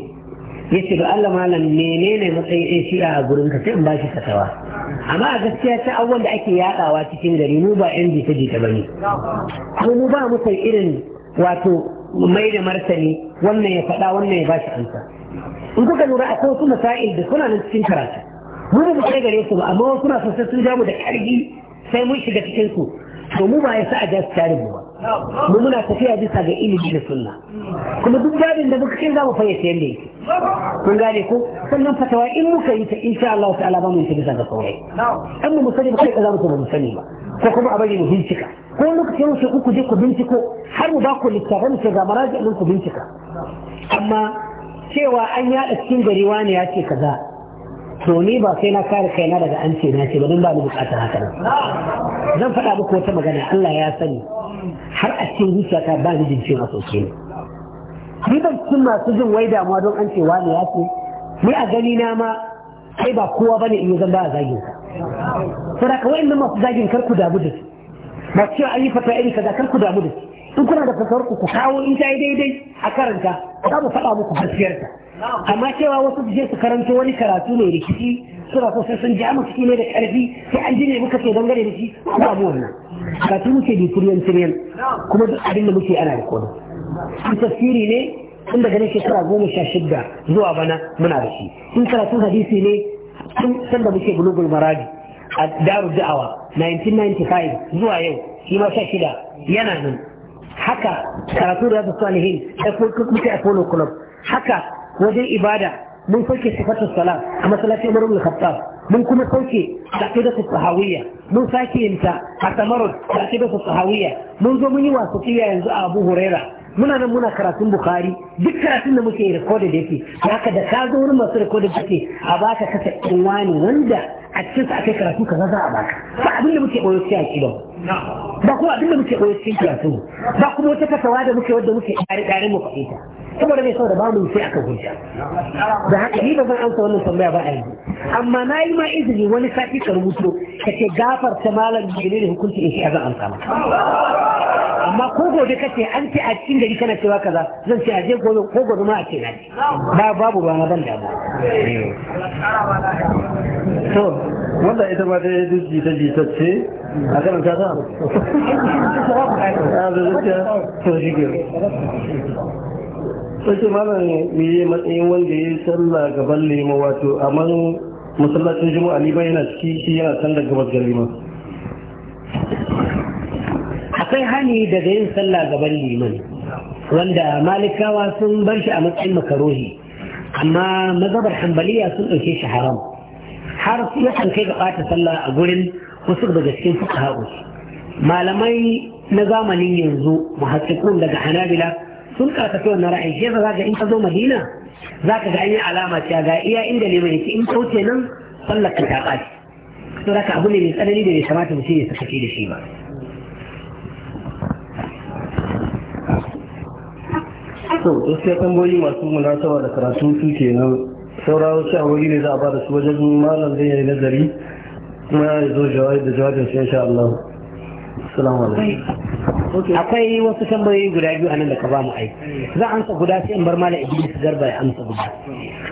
ya ce da Allah malam ne matsayin ɗan shi'a a gurin ka sai in ba shi fatawa amma a gaskiya ta abubuwan da ake yaɗawa cikin gari mu ba yan jita jita ba ne kuma mu ba mu san irin wato mai da martani wannan ya faɗa wannan ya ba shi amsa in kuka lura akwai wasu masa'il da suna nan cikin karatu mu ba mu kai gare su ba amma wasu na sosai sun ja mu da ƙarfi sai mun shiga cikin su to mu ba ya sa a ga tarin mu ba mu muna tafiya bisa ga ilimi da sunna kuma duk babin da muka kai za mu fayyace yadda yake kun gane ko sannan fatawa in muka yi ta insha Allah ta'ala ba mu yi ta bisa ga saurai an mu sani ba kai za mu ba mu sani ba ko kuma a bari mu bincika ko lokacin mu ku je ku binciko har mu ba ku littafin ku ga maraji'in ku bincika amma cewa an yaɗa cikin gari wani ya ce kaza to ni ba sai na kare kaina daga an ce na ce ba don ba ni bukatar haka nan zan faɗa muku wata magana Allah ya sani har a cikin zuciyata ba ni jin a soke ne. ni ban cikin masu jin wai damuwa don an ce wani ya ce ni a gani na ma kai ba kowa bane in zan ba a zagin ka saboda kawai nan masu zagin kar ku damu da su Masu cewa an yi fata iri kaza kar ku damu da su in kuna da fasar ku kawo in ta yi daidai a karanta za mu faɗa muku hasiyarta amma cewa wasu su je su karanto wani karatu mai rikici suna so sai sun ja mu ne da ƙarfi sai an ji ne muka ce dangane da shi ba mu wannan karatu muke bi turiyan turiyan kuma duk abin da muke ana da kodo in tafsiri ne tun daga ne shekara goma sha shida zuwa bana muna da shi in karatun hadisi ne tun sanda muke bulugul maradi a daru da'awa 1995 zuwa yau shi ma sha shida yana nan haka karatu da su salihin da kuma sai apollo haka wajen ibada mun sauke sifatar sala a masallacin umar ibn khattab mun kuma sauke aqidatu sahawiyya mun sake yinta a samarud aqidatu sahawiyya mun zo mun yi wasu yanzu a abu huraira muna nan muna karatun bukhari duk karatun da muke recorded da yake haka da ka zo wurin masu da kake a baka kasa ɗin wani wanda a cikin sa akai karatu kaza za a baka ba abin da muke koyo cikin aƙida ba kuma abin da muke koyo cikin karatu ba kuma wata kasawa da muke wanda muke ɗari ɗari mu faɗi ta saboda mai saboda ba mu sai aka hujja da haka ni ba zan amsa wannan tambaya ba a yanzu amma na yi ma izini wani sati ka rubuto ka ce gafarta malam da ne hukunci in shi a zan amsa maka amma ko gobe ka ce an ce a cikin gari kana cewa kaza zan ce a je gobe ko gobe ma a ce naji ba babu ba na ban ba to wanda ita ma dai duk jita jita ce a karanta ta ta a zai zuciya to shige sai malam me yi matsayin wanda ya yi sallah gaban lima wato amma masallacin juma'a ni ba yana ciki shi yana gabas gaban lema akwai hani daga yin sallah gaban liman wanda malikawa sun bar shi a matsayin makarohi amma mazabar hambaliya sun ɗauke shi haram har yakan kai ga ɓata sallah a gurin wasu daga cikin fuqaha'u malamai na zamanin yanzu muhakkikun daga hanabila sun karkata na ra'ayi shi za in ka zo madina za ka ga an yi alama cewa ga iya inda yake in kauce nan sallar ka ta ɓaci to haka abu ne mai tsanani da bai kamata mutum ya sakaci da shi ba to gaskiya tamboyi masu munasaba da karatu su ke nan saura saurawa shawarwari ne za a ba da su wajen malam zai yi nazari kuma ya zo jawabi da jawabin su insha Allah salamu alaikum akwai wasu tambayoyi guda biyu a nan da ka ba mu ai za a amsa guda sai in bar malam Idris Garba ya amsa guda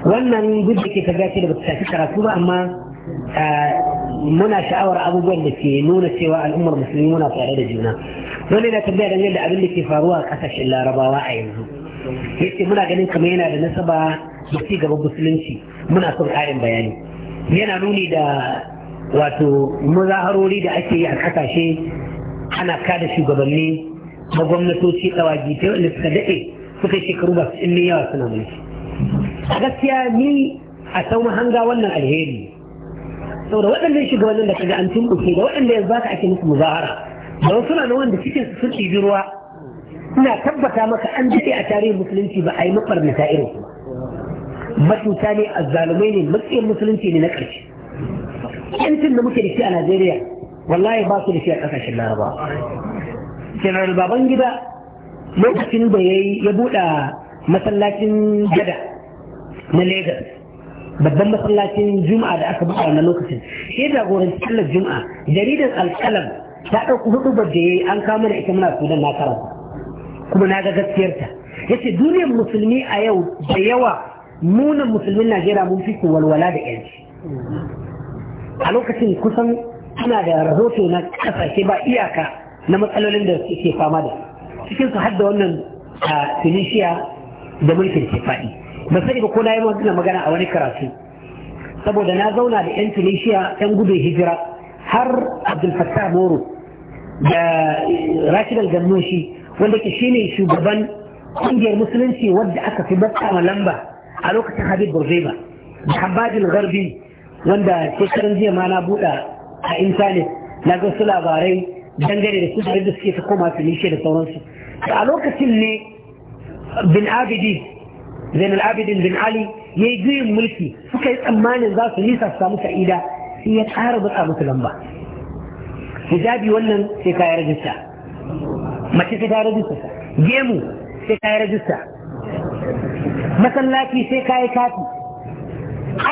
wannan gudu ke ta gace da ba ta shafi karatu ba amma muna sha'awar abubuwan da ke nuna cewa al'ummar musulmi muna tare da juna wani na tambaya dangane da abin da ke faruwa a kasashen larabawa a yanzu yace muna ganin kamar yana da nasaba da ci gaban musulunci muna son ƙarin bayani yana nuni da wato muzaharori da ake yi a ƙasashe ana kada shugabanni na gwamnatoci tsawaji ta wanda suka daɗe suka shekaru ba su yawa suna mulki a gaskiya ni a sau hanga wannan alheri saboda waɗannan shugabannin da kaga an tumɓuke da waɗanda yanzu ka ake musu muzahara da wasu na wanda cikin su sun ɗibi ruwa ina tabbata maka an daɗe a tarihin musulunci ba a yi mafarnata irin su matuta ne azzalumai ne matsayin musulunci ne na ƙarshe yancin da muke da shi a najeriya wallahi ba su da shi a ƙasashen laraba general baban gida lokacin da ya buɗa masallacin gada na lagos babban masallacin juma'a da aka buɗa na lokacin ya jagoranci sallar juma'a jaridar alƙalam ta ɗauki hudu da ya yi an kama da ita muna sudan na karanta kuma na ga gaskiyarta yace duniyar musulmi a yau da yawa munan musulmin najeriya mun fi walwala da yanci a lokacin kusan ana da rahoto na kasashe ba iyaka na matsalolin da suke fama da cikin su hadda wannan a tunisia da mulkin ke faɗi ba sani ba ko na yi magana a wani karatu saboda na zauna da 'yan tunisia 'yan gudun hijira har abdul fattah moro da rashid al-gannoshi wanda ke shine shugaban kungiyar musulunci wadda aka fi matsa lamba a lokacin habib burzeba da habajin garbi wanda shekarun jiya ma na buɗa a intanet na ga su labarai dangane da su da suke ta koma su nishe da sauransu a lokacin ne bin abidi zain al-abidin bin ali ya yi juyin mulki suka yi tsammanin za su nisa su samu sa'ida sai ya ƙara matsa musu lamba hijabi wannan sai ka rajista mace sai ta rajista gemu sai ka yi rajista masallaci sai ka yi kati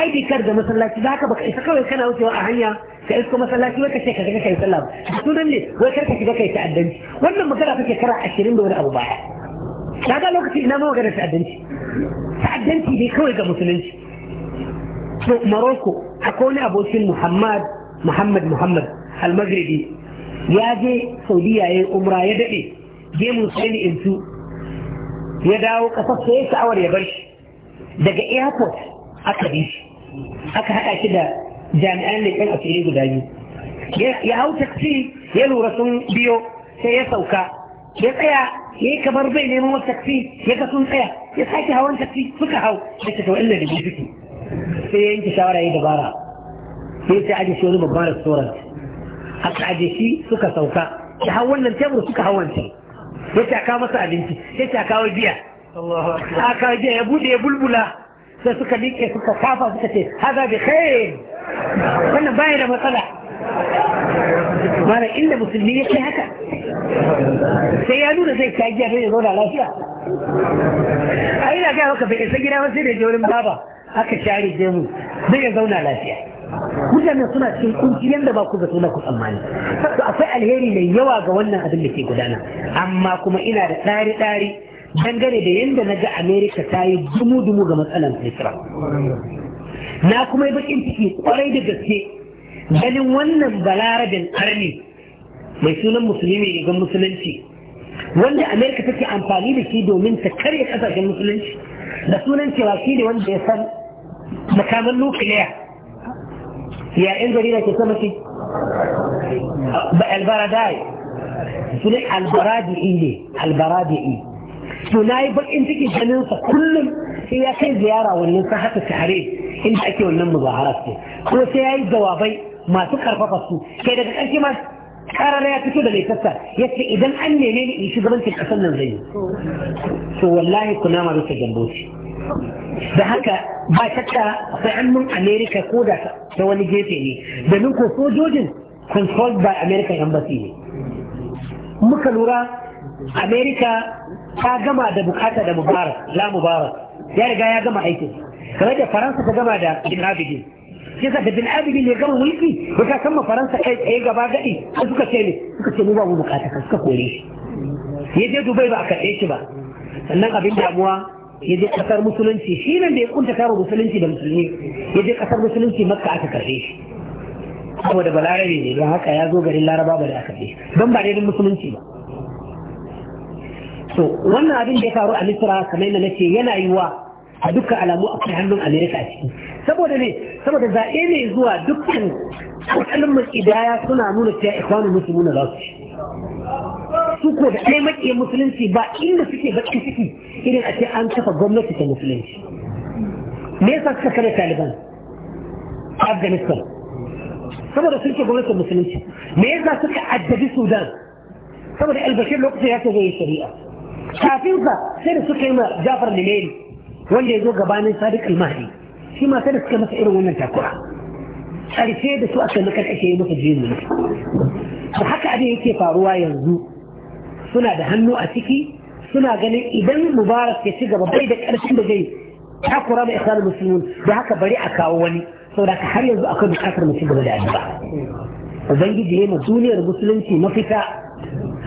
ID kar da masallaci za ka baka isa kawai kana wucewa a hanya ka isko masallaci wai ka ce ka ga kai sallah sunan ne wai kar ka shiga kai ta'addanci wannan magana kake kara 20 da wani abu baya kaga lokaci ina ma magana ta'addanci ta'addanci ne kawai ga musulunci to Morocco akwai wani abokin Muhammad Muhammad Muhammad al ya je saudiya ya yi umra ya daɗe gemun sai ni intu ya dawo ƙasar sai sa'awar sha'awar ya bar shi daga airport aka bi shi aka haɗa shi da jami'an leƙen asiri guda biyu ya hau taksi ya lura sun biyo sai ya sauka ya tsaya ya yi kamar bai neman wata taksi ya ga sun tsaya ya sake hawan taksi suka hau da ta tawar da biyu suke sai ya yanke shawara ya dabara sai ya ce shi wani babban restaurant aka aje shi suka sauka ya hau wannan tebur suka hau wancan ya caka masa abinci ya caka wa biya aka biya ya bude ya bulbula sai suka liƙe suka kafa suka ce haza bi khair wannan baya da matsala mara inda musulmi ya kai haka sai ya nuna zai kaji sai ya zauna lafiya a ina gaya maka bai isa gida ba sai da je wurin baba aka share jemu zai ya zauna lafiya mutane suna cikin kunci yadda ba ku zato na ku tsammani to akwai alheri mai yawa ga wannan abin da ke gudana amma kuma ina da tsari tsari dangane da yadda na ga america ta yi dumu-dumu ga matsalan tsira na kuma yi bakin ciki kwarai da gaske ganin wannan balarabin arni mai sunan musulmi ga musulunci wanda amerika take amfani da shi domin ta karya kasashen musulunci da sunan cewa shi ne wanda ya san makaman nukiliya يا ايه دليل التسمك البرداي سلك البرادي ايه البرادي ايه سنايب انت كي جننت كل هي كي زيارة واللي انت حتى سحرين انت أكيد ونم ظاهرات هو سيايد دوابي ما تكر فقصو كي دك انت ما ترى لا يتكو دلي تسر يتكي اذا اني ليلي يشي دلنك الحسن الزيو سو والله كنا ما بيك da haka ba shakka akwai hannun america ko da ta wani gefe ne domin ko sojojin controlled by american embassy ne muka lura america ta gama da bukata da mubarak la mubarak ya riga ya gama aikin kamar da faransa ta gama da bin abidin da bin abidin ne gama mulki ba ta kama faransa kai tsaye gaba gadi a suka ce ne suka ce mu ba mu bukata ka suka kore shi ya je dubai ba a karɓe shi ba sannan abin damuwa Yaje kasar musulunci shi nan da ya kunta kama musulunci da musulmi yaje kasar musulunci makka aka karbe shi saboda balarabe ne don haka ya zo garin laraba ba da aka karbe don ba daidai musulunci ba so wannan abin da ya faru a misra kamar yadda nace yana yiwa a dukkan alamu akwai hannun amerika a ciki saboda ne saboda zaɓe ne zuwa dukkan alƙalin makidaya suna nuna cewa ikwanin musulmi na za su su ko da ai maƙiyin musulunci ba inda suke baƙin ciki irin a ce an kafa gwamnati ta musulunci me yasa suka kare taliban afghanistan saboda sun ce gwamnatin musulunci me yasa suka addabi sudan saboda albashir lokacin ya ce zai yi shari'a kafin sa sai da suka yi ma jafar limeri wanda ya zo gabanin sadiq almahdi shi ma sai da suka masa irin wannan takura ƙarshe da su aka makar ake yi masa jini haka abin yake faruwa yanzu suna da hannu a ciki suna ganin idan mubarak ya ci gaba bai da ƙarfin da zai takura mai ikhwanul muslimin da haka bari a kawo wani saboda har yanzu akwai bukatar mu ci gaba da addu'a ubangiji ya mu duniyar musulunci mafita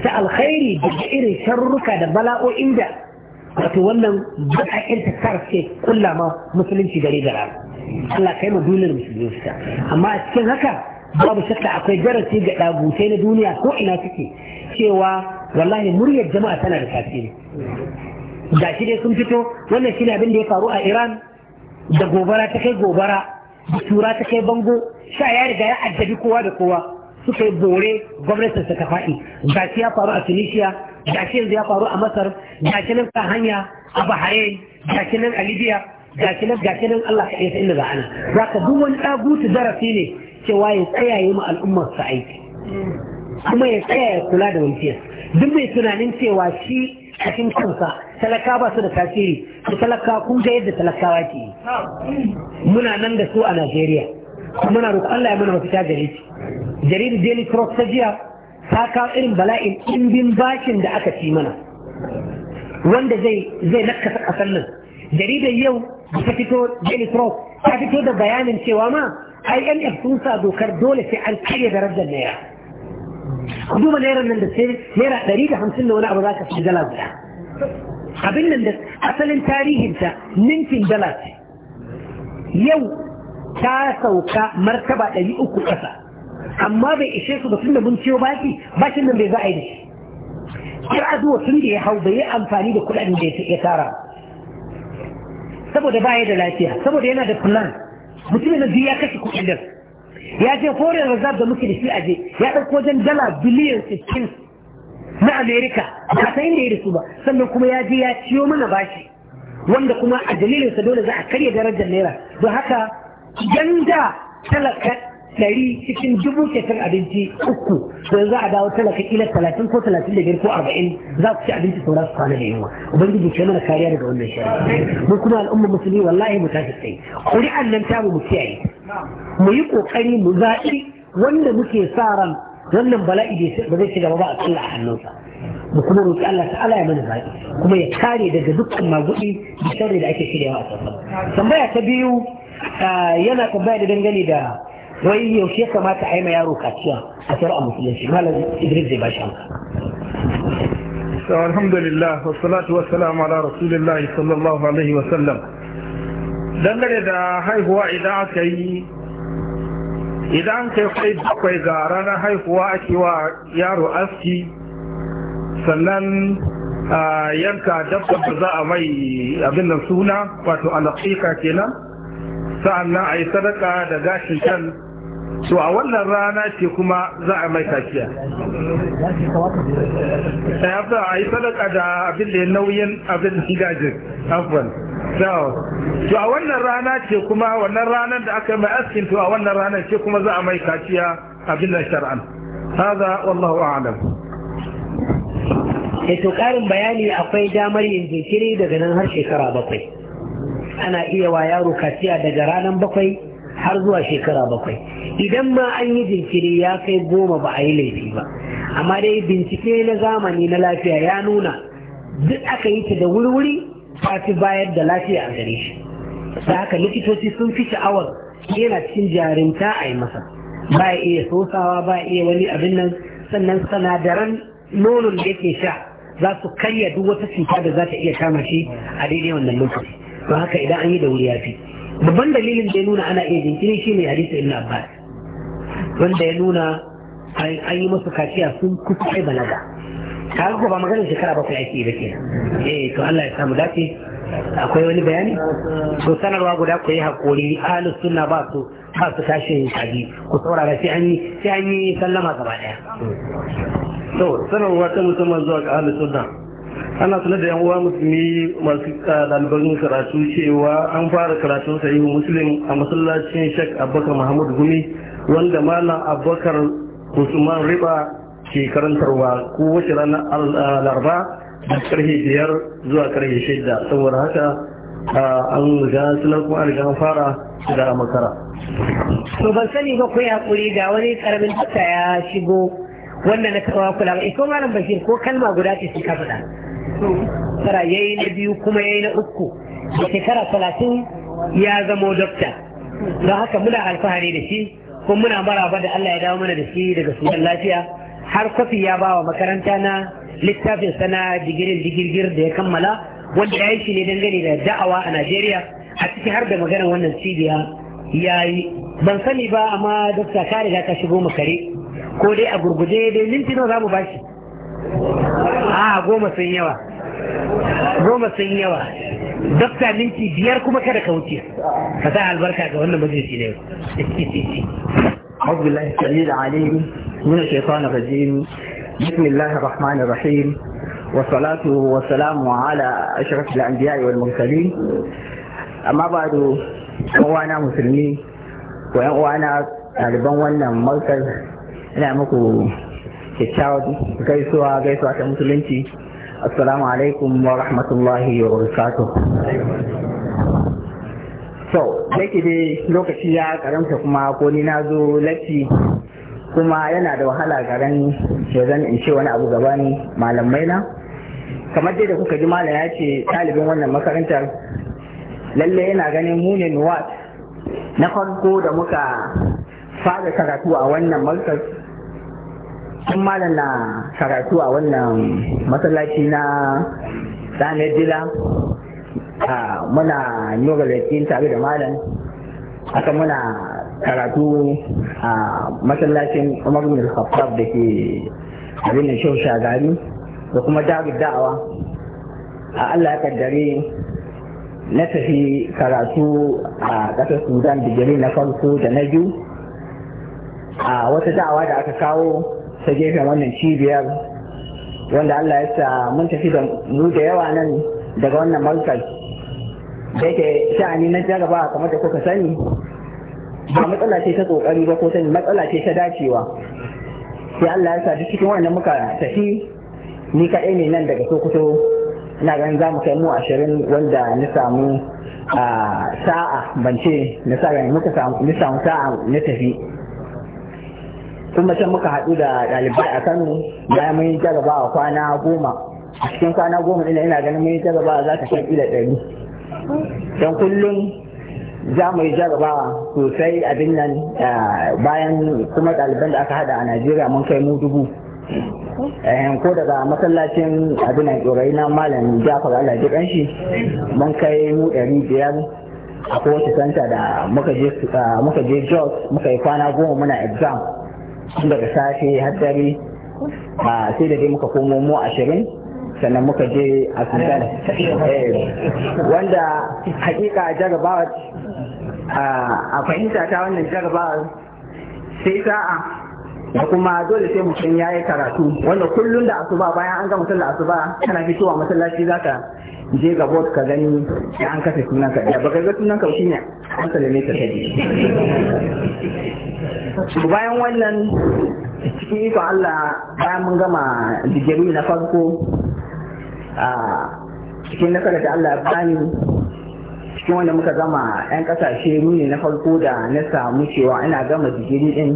ta alkhairi da irin sharruka da bala'o'in da wato wannan baƙaƙen ta karfe kulla ma musulunci gare da rana Allah kai ma duniyar musulunci amma a cikin haka babu shakka akwai darasi ga ɗagutai na duniya ko ina suke cewa wallahi muryar jama'a tana da tasiri ga shi dai sun fito wannan shine abin da ya faru a Iran da gobara ta kai gobara da tura ta kai bango sha ya riga ya addabi kowa da kowa suka yi bore gwamnatin ta faɗi ga shi ya faru a Tunisia ga shi yanzu ya faru a Masar ga shi nan kan hanya a Bahrain ga shi nan a Libya ga shi nan ga shi nan Allah ka yasa inda za ana za ka duk wani ɗagutu darasi ne cewa ya tsaya yi ma al'ummar sa aiki kuma ya tsaya ya kula da walfiyar duk mai tunanin cewa shi a cikin kansa talaka ba su da tasiri Su talakawa, kun ga yadda talakawa ke yi muna nan da su a Najeriya muna roƙon Allah ya mana mafita gare shi jaridar Daily Cross ta jiya ta kawo irin bala'in ɗimbin bashin da aka ci mana wanda zai zai nakasa ƙasar nan jaridar yau ta fito Daily Cross ta fito da bayanin cewa ma IMF sun sa dokar dole sai an karya darajar naira ku duba naira nan da sai naira ɗari da hamsin da wani abu za ka fi dala guda abin nan da asalin tarihinta mintin dala ce yau ta sauka martaba ɗari uku ƙasa amma bai ishe su ba tun da mun ciyo baki bakin nan bai za a yi da shi har azuwa tun da ya hau bai yi amfani da kuɗaɗen da ya tara saboda ba ya da lafiya saboda yana da plan mutum na biyu ya kashe kuɗin da ya je foreign reserve da muke da shi aje ya ɗauko wajen dala biliyan 16 na Amerika, ba ta inda ya rasu ba sannan kuma ya je ya ciyo mana bashi wanda kuma a dalilinsa dole za a karya darajar naira don haka idan da talaka ɗari cikin dubu kyautar abinci uku to za a dawo talaka kila talatin ko talatin da biyar ko arba'in za ku ci abinci saura su kwana da yunwa ubangiji ke mana kariya daga wannan shari'a mun kuma al'umma musulmi wallahi mu tashi tsaye ƙuri'an nan tamu mu kiyaye mu yi kokari mu zaɓi wanda muke sa ran wannan bala'i ba zai shiga ba a tsalla a hannunsa mu kuma roƙi Allah ta'ala ya mana zaɓi kuma ya kare daga dukkan maguɗi da sharri da ake shirya shiryawa a sassan tambaya ta biyu yana tambaya da dangane da wai yaushe ya kamata a yi ma yaro kaciya a shari'a musulunci malam idris zai bashi amsa alhamdulillah wassalatu wassalamu ala rasulillahi sallallahu alaihi wasallam dangane da haihuwa idan aka yi idan kai kai bakwai ga ranar haihuwa ake wa yaro aski sannan yanka dabba da za a mai abin da suna wato alaƙiƙa kenan sa'annan a yi sadaka da gashin kan to a wannan rana ce kuma za a mai kaciya eh, a yi sadaka da abin da ya nauyin abin gajin afirka to a wannan rana ce kuma wannan ranar da aka mai askin to a wannan ranar ce kuma za a mai kaciya abin da shar'an hada wallahu a'lam da eh, to ƙarin bayani akwai damar yin jinkiri daga nan har shekara bakwai ana iya wa yaro kaciya daga ranar bakwai har zuwa shekara bakwai idan ma an yi jinkiri ya kai goma ba a yi laifi ba amma dai bincike na zamani na lafiya ya nuna duk aka yi ta da wuri-wuri ta fi bayar da lafiya a gare shi da haka likitoci sun fi sha'awar yana cikin jarinta a yi masa ba ya iya sosawa ba ya iya wani abin nan sannan sanadaran nonon da yake sha za su karya duk wata cuta da za ta iya kama shi a daidai wannan lokaci don haka idan an yi da wuri ya fi babban dalilin da ya nuna ana iya jinkiri ne hadisi ibn abbas wanda ya nuna an yi masa kaciya sun kusa balaga ka ga ba maganar shekara bakwai ake yi ba ke eh to Allah ya samu dace akwai wani bayani to sanarwa guda ku yi hakuri ahlus sunna ba su ba su tashin kaji ku saurara sai an yi sai an yi sallama gaba daya to sanarwa ta musamman zuwa ga ahlus sunna ana sanar da yan uwa musulmi masu ɗaliban karatu cewa an fara karatun sai muslim a masallacin shek abubakar muhammad gumi wanda malam abubakar usman riba ke karantarwa ko wace ranar larba da karfe biyar zuwa karfe shida saboda haka an ga sunan kuma an riga fara da makara. to ban sani ba ku ya hakuri ga wani karamin tuta ya shigo wanda na kawo kula ba iko malam bashir ko kalma guda ce suka ka faɗa tara yayi na biyu kuma yayi na uku da shekara talatin ya zama dokta don haka muna alfahari da shi kuma muna maraba da Allah ya dawo mana da shi daga sunan lafiya har kwafi ya ba wa makaranta na littafin sana digirin digirgir da ya kammala wanda ya yi shi ne dangane da da'awa a najeriya a ciki har da maganar wannan cibiya ya yi ban sani ba amma dokta ka riga ka shigo makare ko dai a gurguje dai minti nawa za mu bashi a goma sun yawa goma sun yawa dokta minti biyar kuma kada ka wuce ka sa albarka ga wannan majalisi ne yau أعوذ بالله السميع من الشيطان الرجيم بسم الله الرحمن الرحيم والصلاة والسلام على أشرف الأنبياء والمرسلين أما بعد أوانا مسلمين وأوانا ɗaliban wannan markar ina muku kyakkyawar gaisuwa gaisuwa ta musulunci assalamu alaikum wa rahmatullahi wa barakatuh so dai lokaci ya karamta kuma ko ni na zo latti kuma yana da wahala garin zan in ce wani abu gaba ne malamai na kamar dai da kuka ji malam ya ce ɗalibin wannan makarantar lalle yana ganin mune Nuwat, na farko da muka fara karatu a wannan markas sun malam na karatu a wannan masallaci na tsanar dila muna nura tare da malam aka muna karatu a masallacin Umar bin Khattab da ke abin da shau shagari da kuma jarin da'awa a Allah ya kaddare na tafi karatu a ƙasar Sudan digiri na farko da na biyu a wata da'awa da aka kawo ta gefen wannan cibiyar wanda Allah ya sa mun tafi da mu da yawa nan daga wannan markaz da yake sha'ani na jarabawa kamar da kuka sani ba matsala ce ta tsokari ba ko ta matsala ce ta dacewa sai Allah ya sa duk cikin wannan muka tafi ni kaɗai ne nan daga Sokoto ina ganin za mu kai mu ashirin wanda na samu sa'a ban ce na sa muka samu sa'a na tafi kuma can muka haɗu da ɗalibai a Kano bayan mun yi jarabawa kwana goma a cikin kwana goma ina ina ganin mun yi jarabawa za ta kai ila ɗari don kullum za mu yi jarabawa sosai abin nan eh, bayan kuma ɗaliban da aka hada a najeriya mun kai mu dubu eh, ko daga masallacin abin nan tsorai na malam jafar allah ji shi mun kai mu ɗari biyar a kowace santa da eh, muka je jos muka yi kwana goma muna exam daga safe har dare sai da dai muka komo mu ashirin sannan muka je a sudan eh, wanda hakika jarabawa a fahimta ta wannan jarabawa sai sa'a da kuma dole sai mutum ya yi karatu wanda kullum da asuba bayan an ga mutum da asuba kana fitowa masallaci za ka je ga bot ka gani ya an kasa sunanka da baka ga sunanka shi ne an salame ka ta bayan wannan cikin ikon Allah bayan mun gama digiri na farko a cikin nasarar da Allah ya bani cikin wanda muka gama 'yan kasashe nuni na farko da na samu cewa ina gama digiri din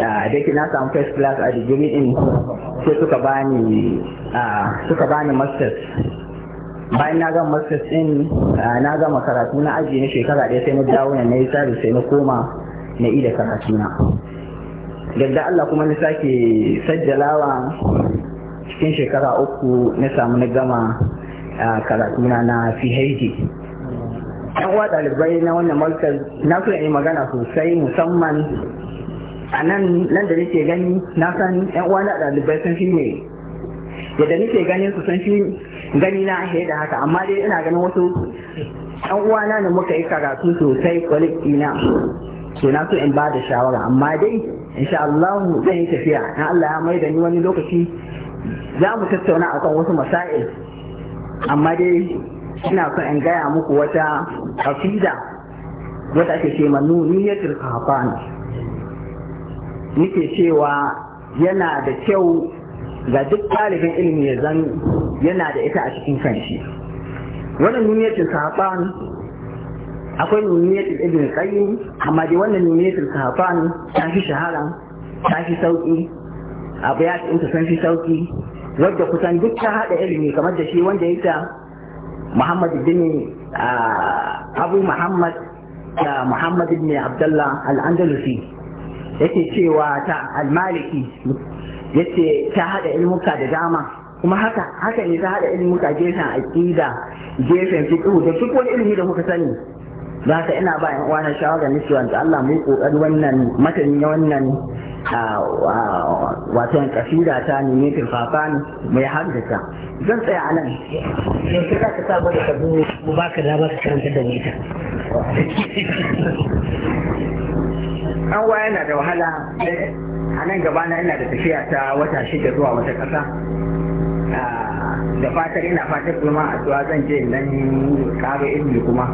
da dake na samu first class a digiri din sai suka bani suka bani masters bayan na gama masters din na gama karatu na aji na shekara ɗaya sai na dawo na yi sai na koma na ida karatu na da Allah kuma na sake sajjalawa cikin shekara uku na samu na gama karatuna na PhD. Yan uwa ɗalibai na wannan markaz na kula yi magana sosai musamman a nan nan da nake gani na san yan uwa na ɗalibai sun fi ne yadda nake ganin su sun fi gani na ahe da haka amma dai ina ganin wasu yan uwa na ne muka yi karatu sosai kwaliki na so na so in ba da shawara amma dai insha Allah zan yi tafiya in Allah ya mai da ni wani lokaci za mu tattauna a kan wasu masail amma dai ina son in gaya muku wata kafida wata ake ce manu niyyatul kafan Nike cewa yana da kyau ga duk ɗalibin ilimi ya zan yana da ita a cikin kanshi wannan niyyatul kafan akwai nuniyatul ibn qayyim amma dai wannan nuniyatul kafan ta fi shahara ta fi sauki abu ya tsinta san fi sauki wadda kusan duk ta haɗa ilimi kamar da shi wanda ya ta Muhammad bin Abu Muhammad da Muhammad bin Abdullah al-Andalusi yake cewa ta al-Maliki yace ta haɗa ilmuka da dama kuma haka haka ne ta haɗa ilmuka gefen aqida gefen fiqh da duk wani ilimi da kuka sani don ka ina ba yan uwana shawar ne cewa da Allah mu kokari wannan matanin wannan wato kasida ta ne ne firfafa ne mai haddasa zan tsaya a nan yanzu za ka sa mana ka zo mu baka dama ka karanta da ni ta an waya na da wahala a nan gaba na ina da tafiya ta wata shida zuwa wata ƙasa da fatar ina fatar kuma a zuwa zan je nan kare ilmi kuma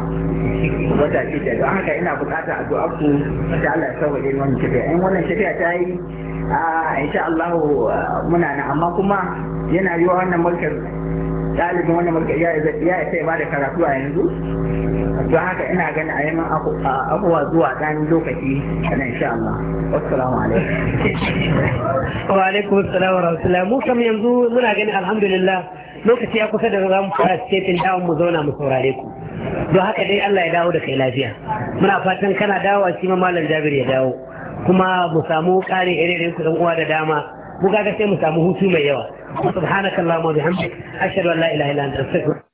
wata ce ta don haka ina bukata a zuwa ku ta Allah irin wannan tafiya in wannan tafiya ta yi a insha Allah muna nan amma kuma yana yiwa wannan mulkin ɗalibin wanda muka ya isa ya bada karatu a yanzu don haka ina ganin a yaman abubuwa zuwa ɗan lokaci kana insha Allah assalamu alaikum wa alaikum assalam wa rahmatullah mu kam yanzu muna ganin alhamdulillah lokaci ya kusa da za mu fara cikin dawon mu zauna mu saurare ku don haka dai Allah ya dawo da kai lafiya muna fatan kana dawo a cikin malam Jabir ya dawo kuma mu samu ƙarin irin iren kuɗin uwa da dama mu kaga sai mu samu hutu mai yawa subhanakallahumma wa bihamdika ashhadu an la ilaha illa anta astaghfiruka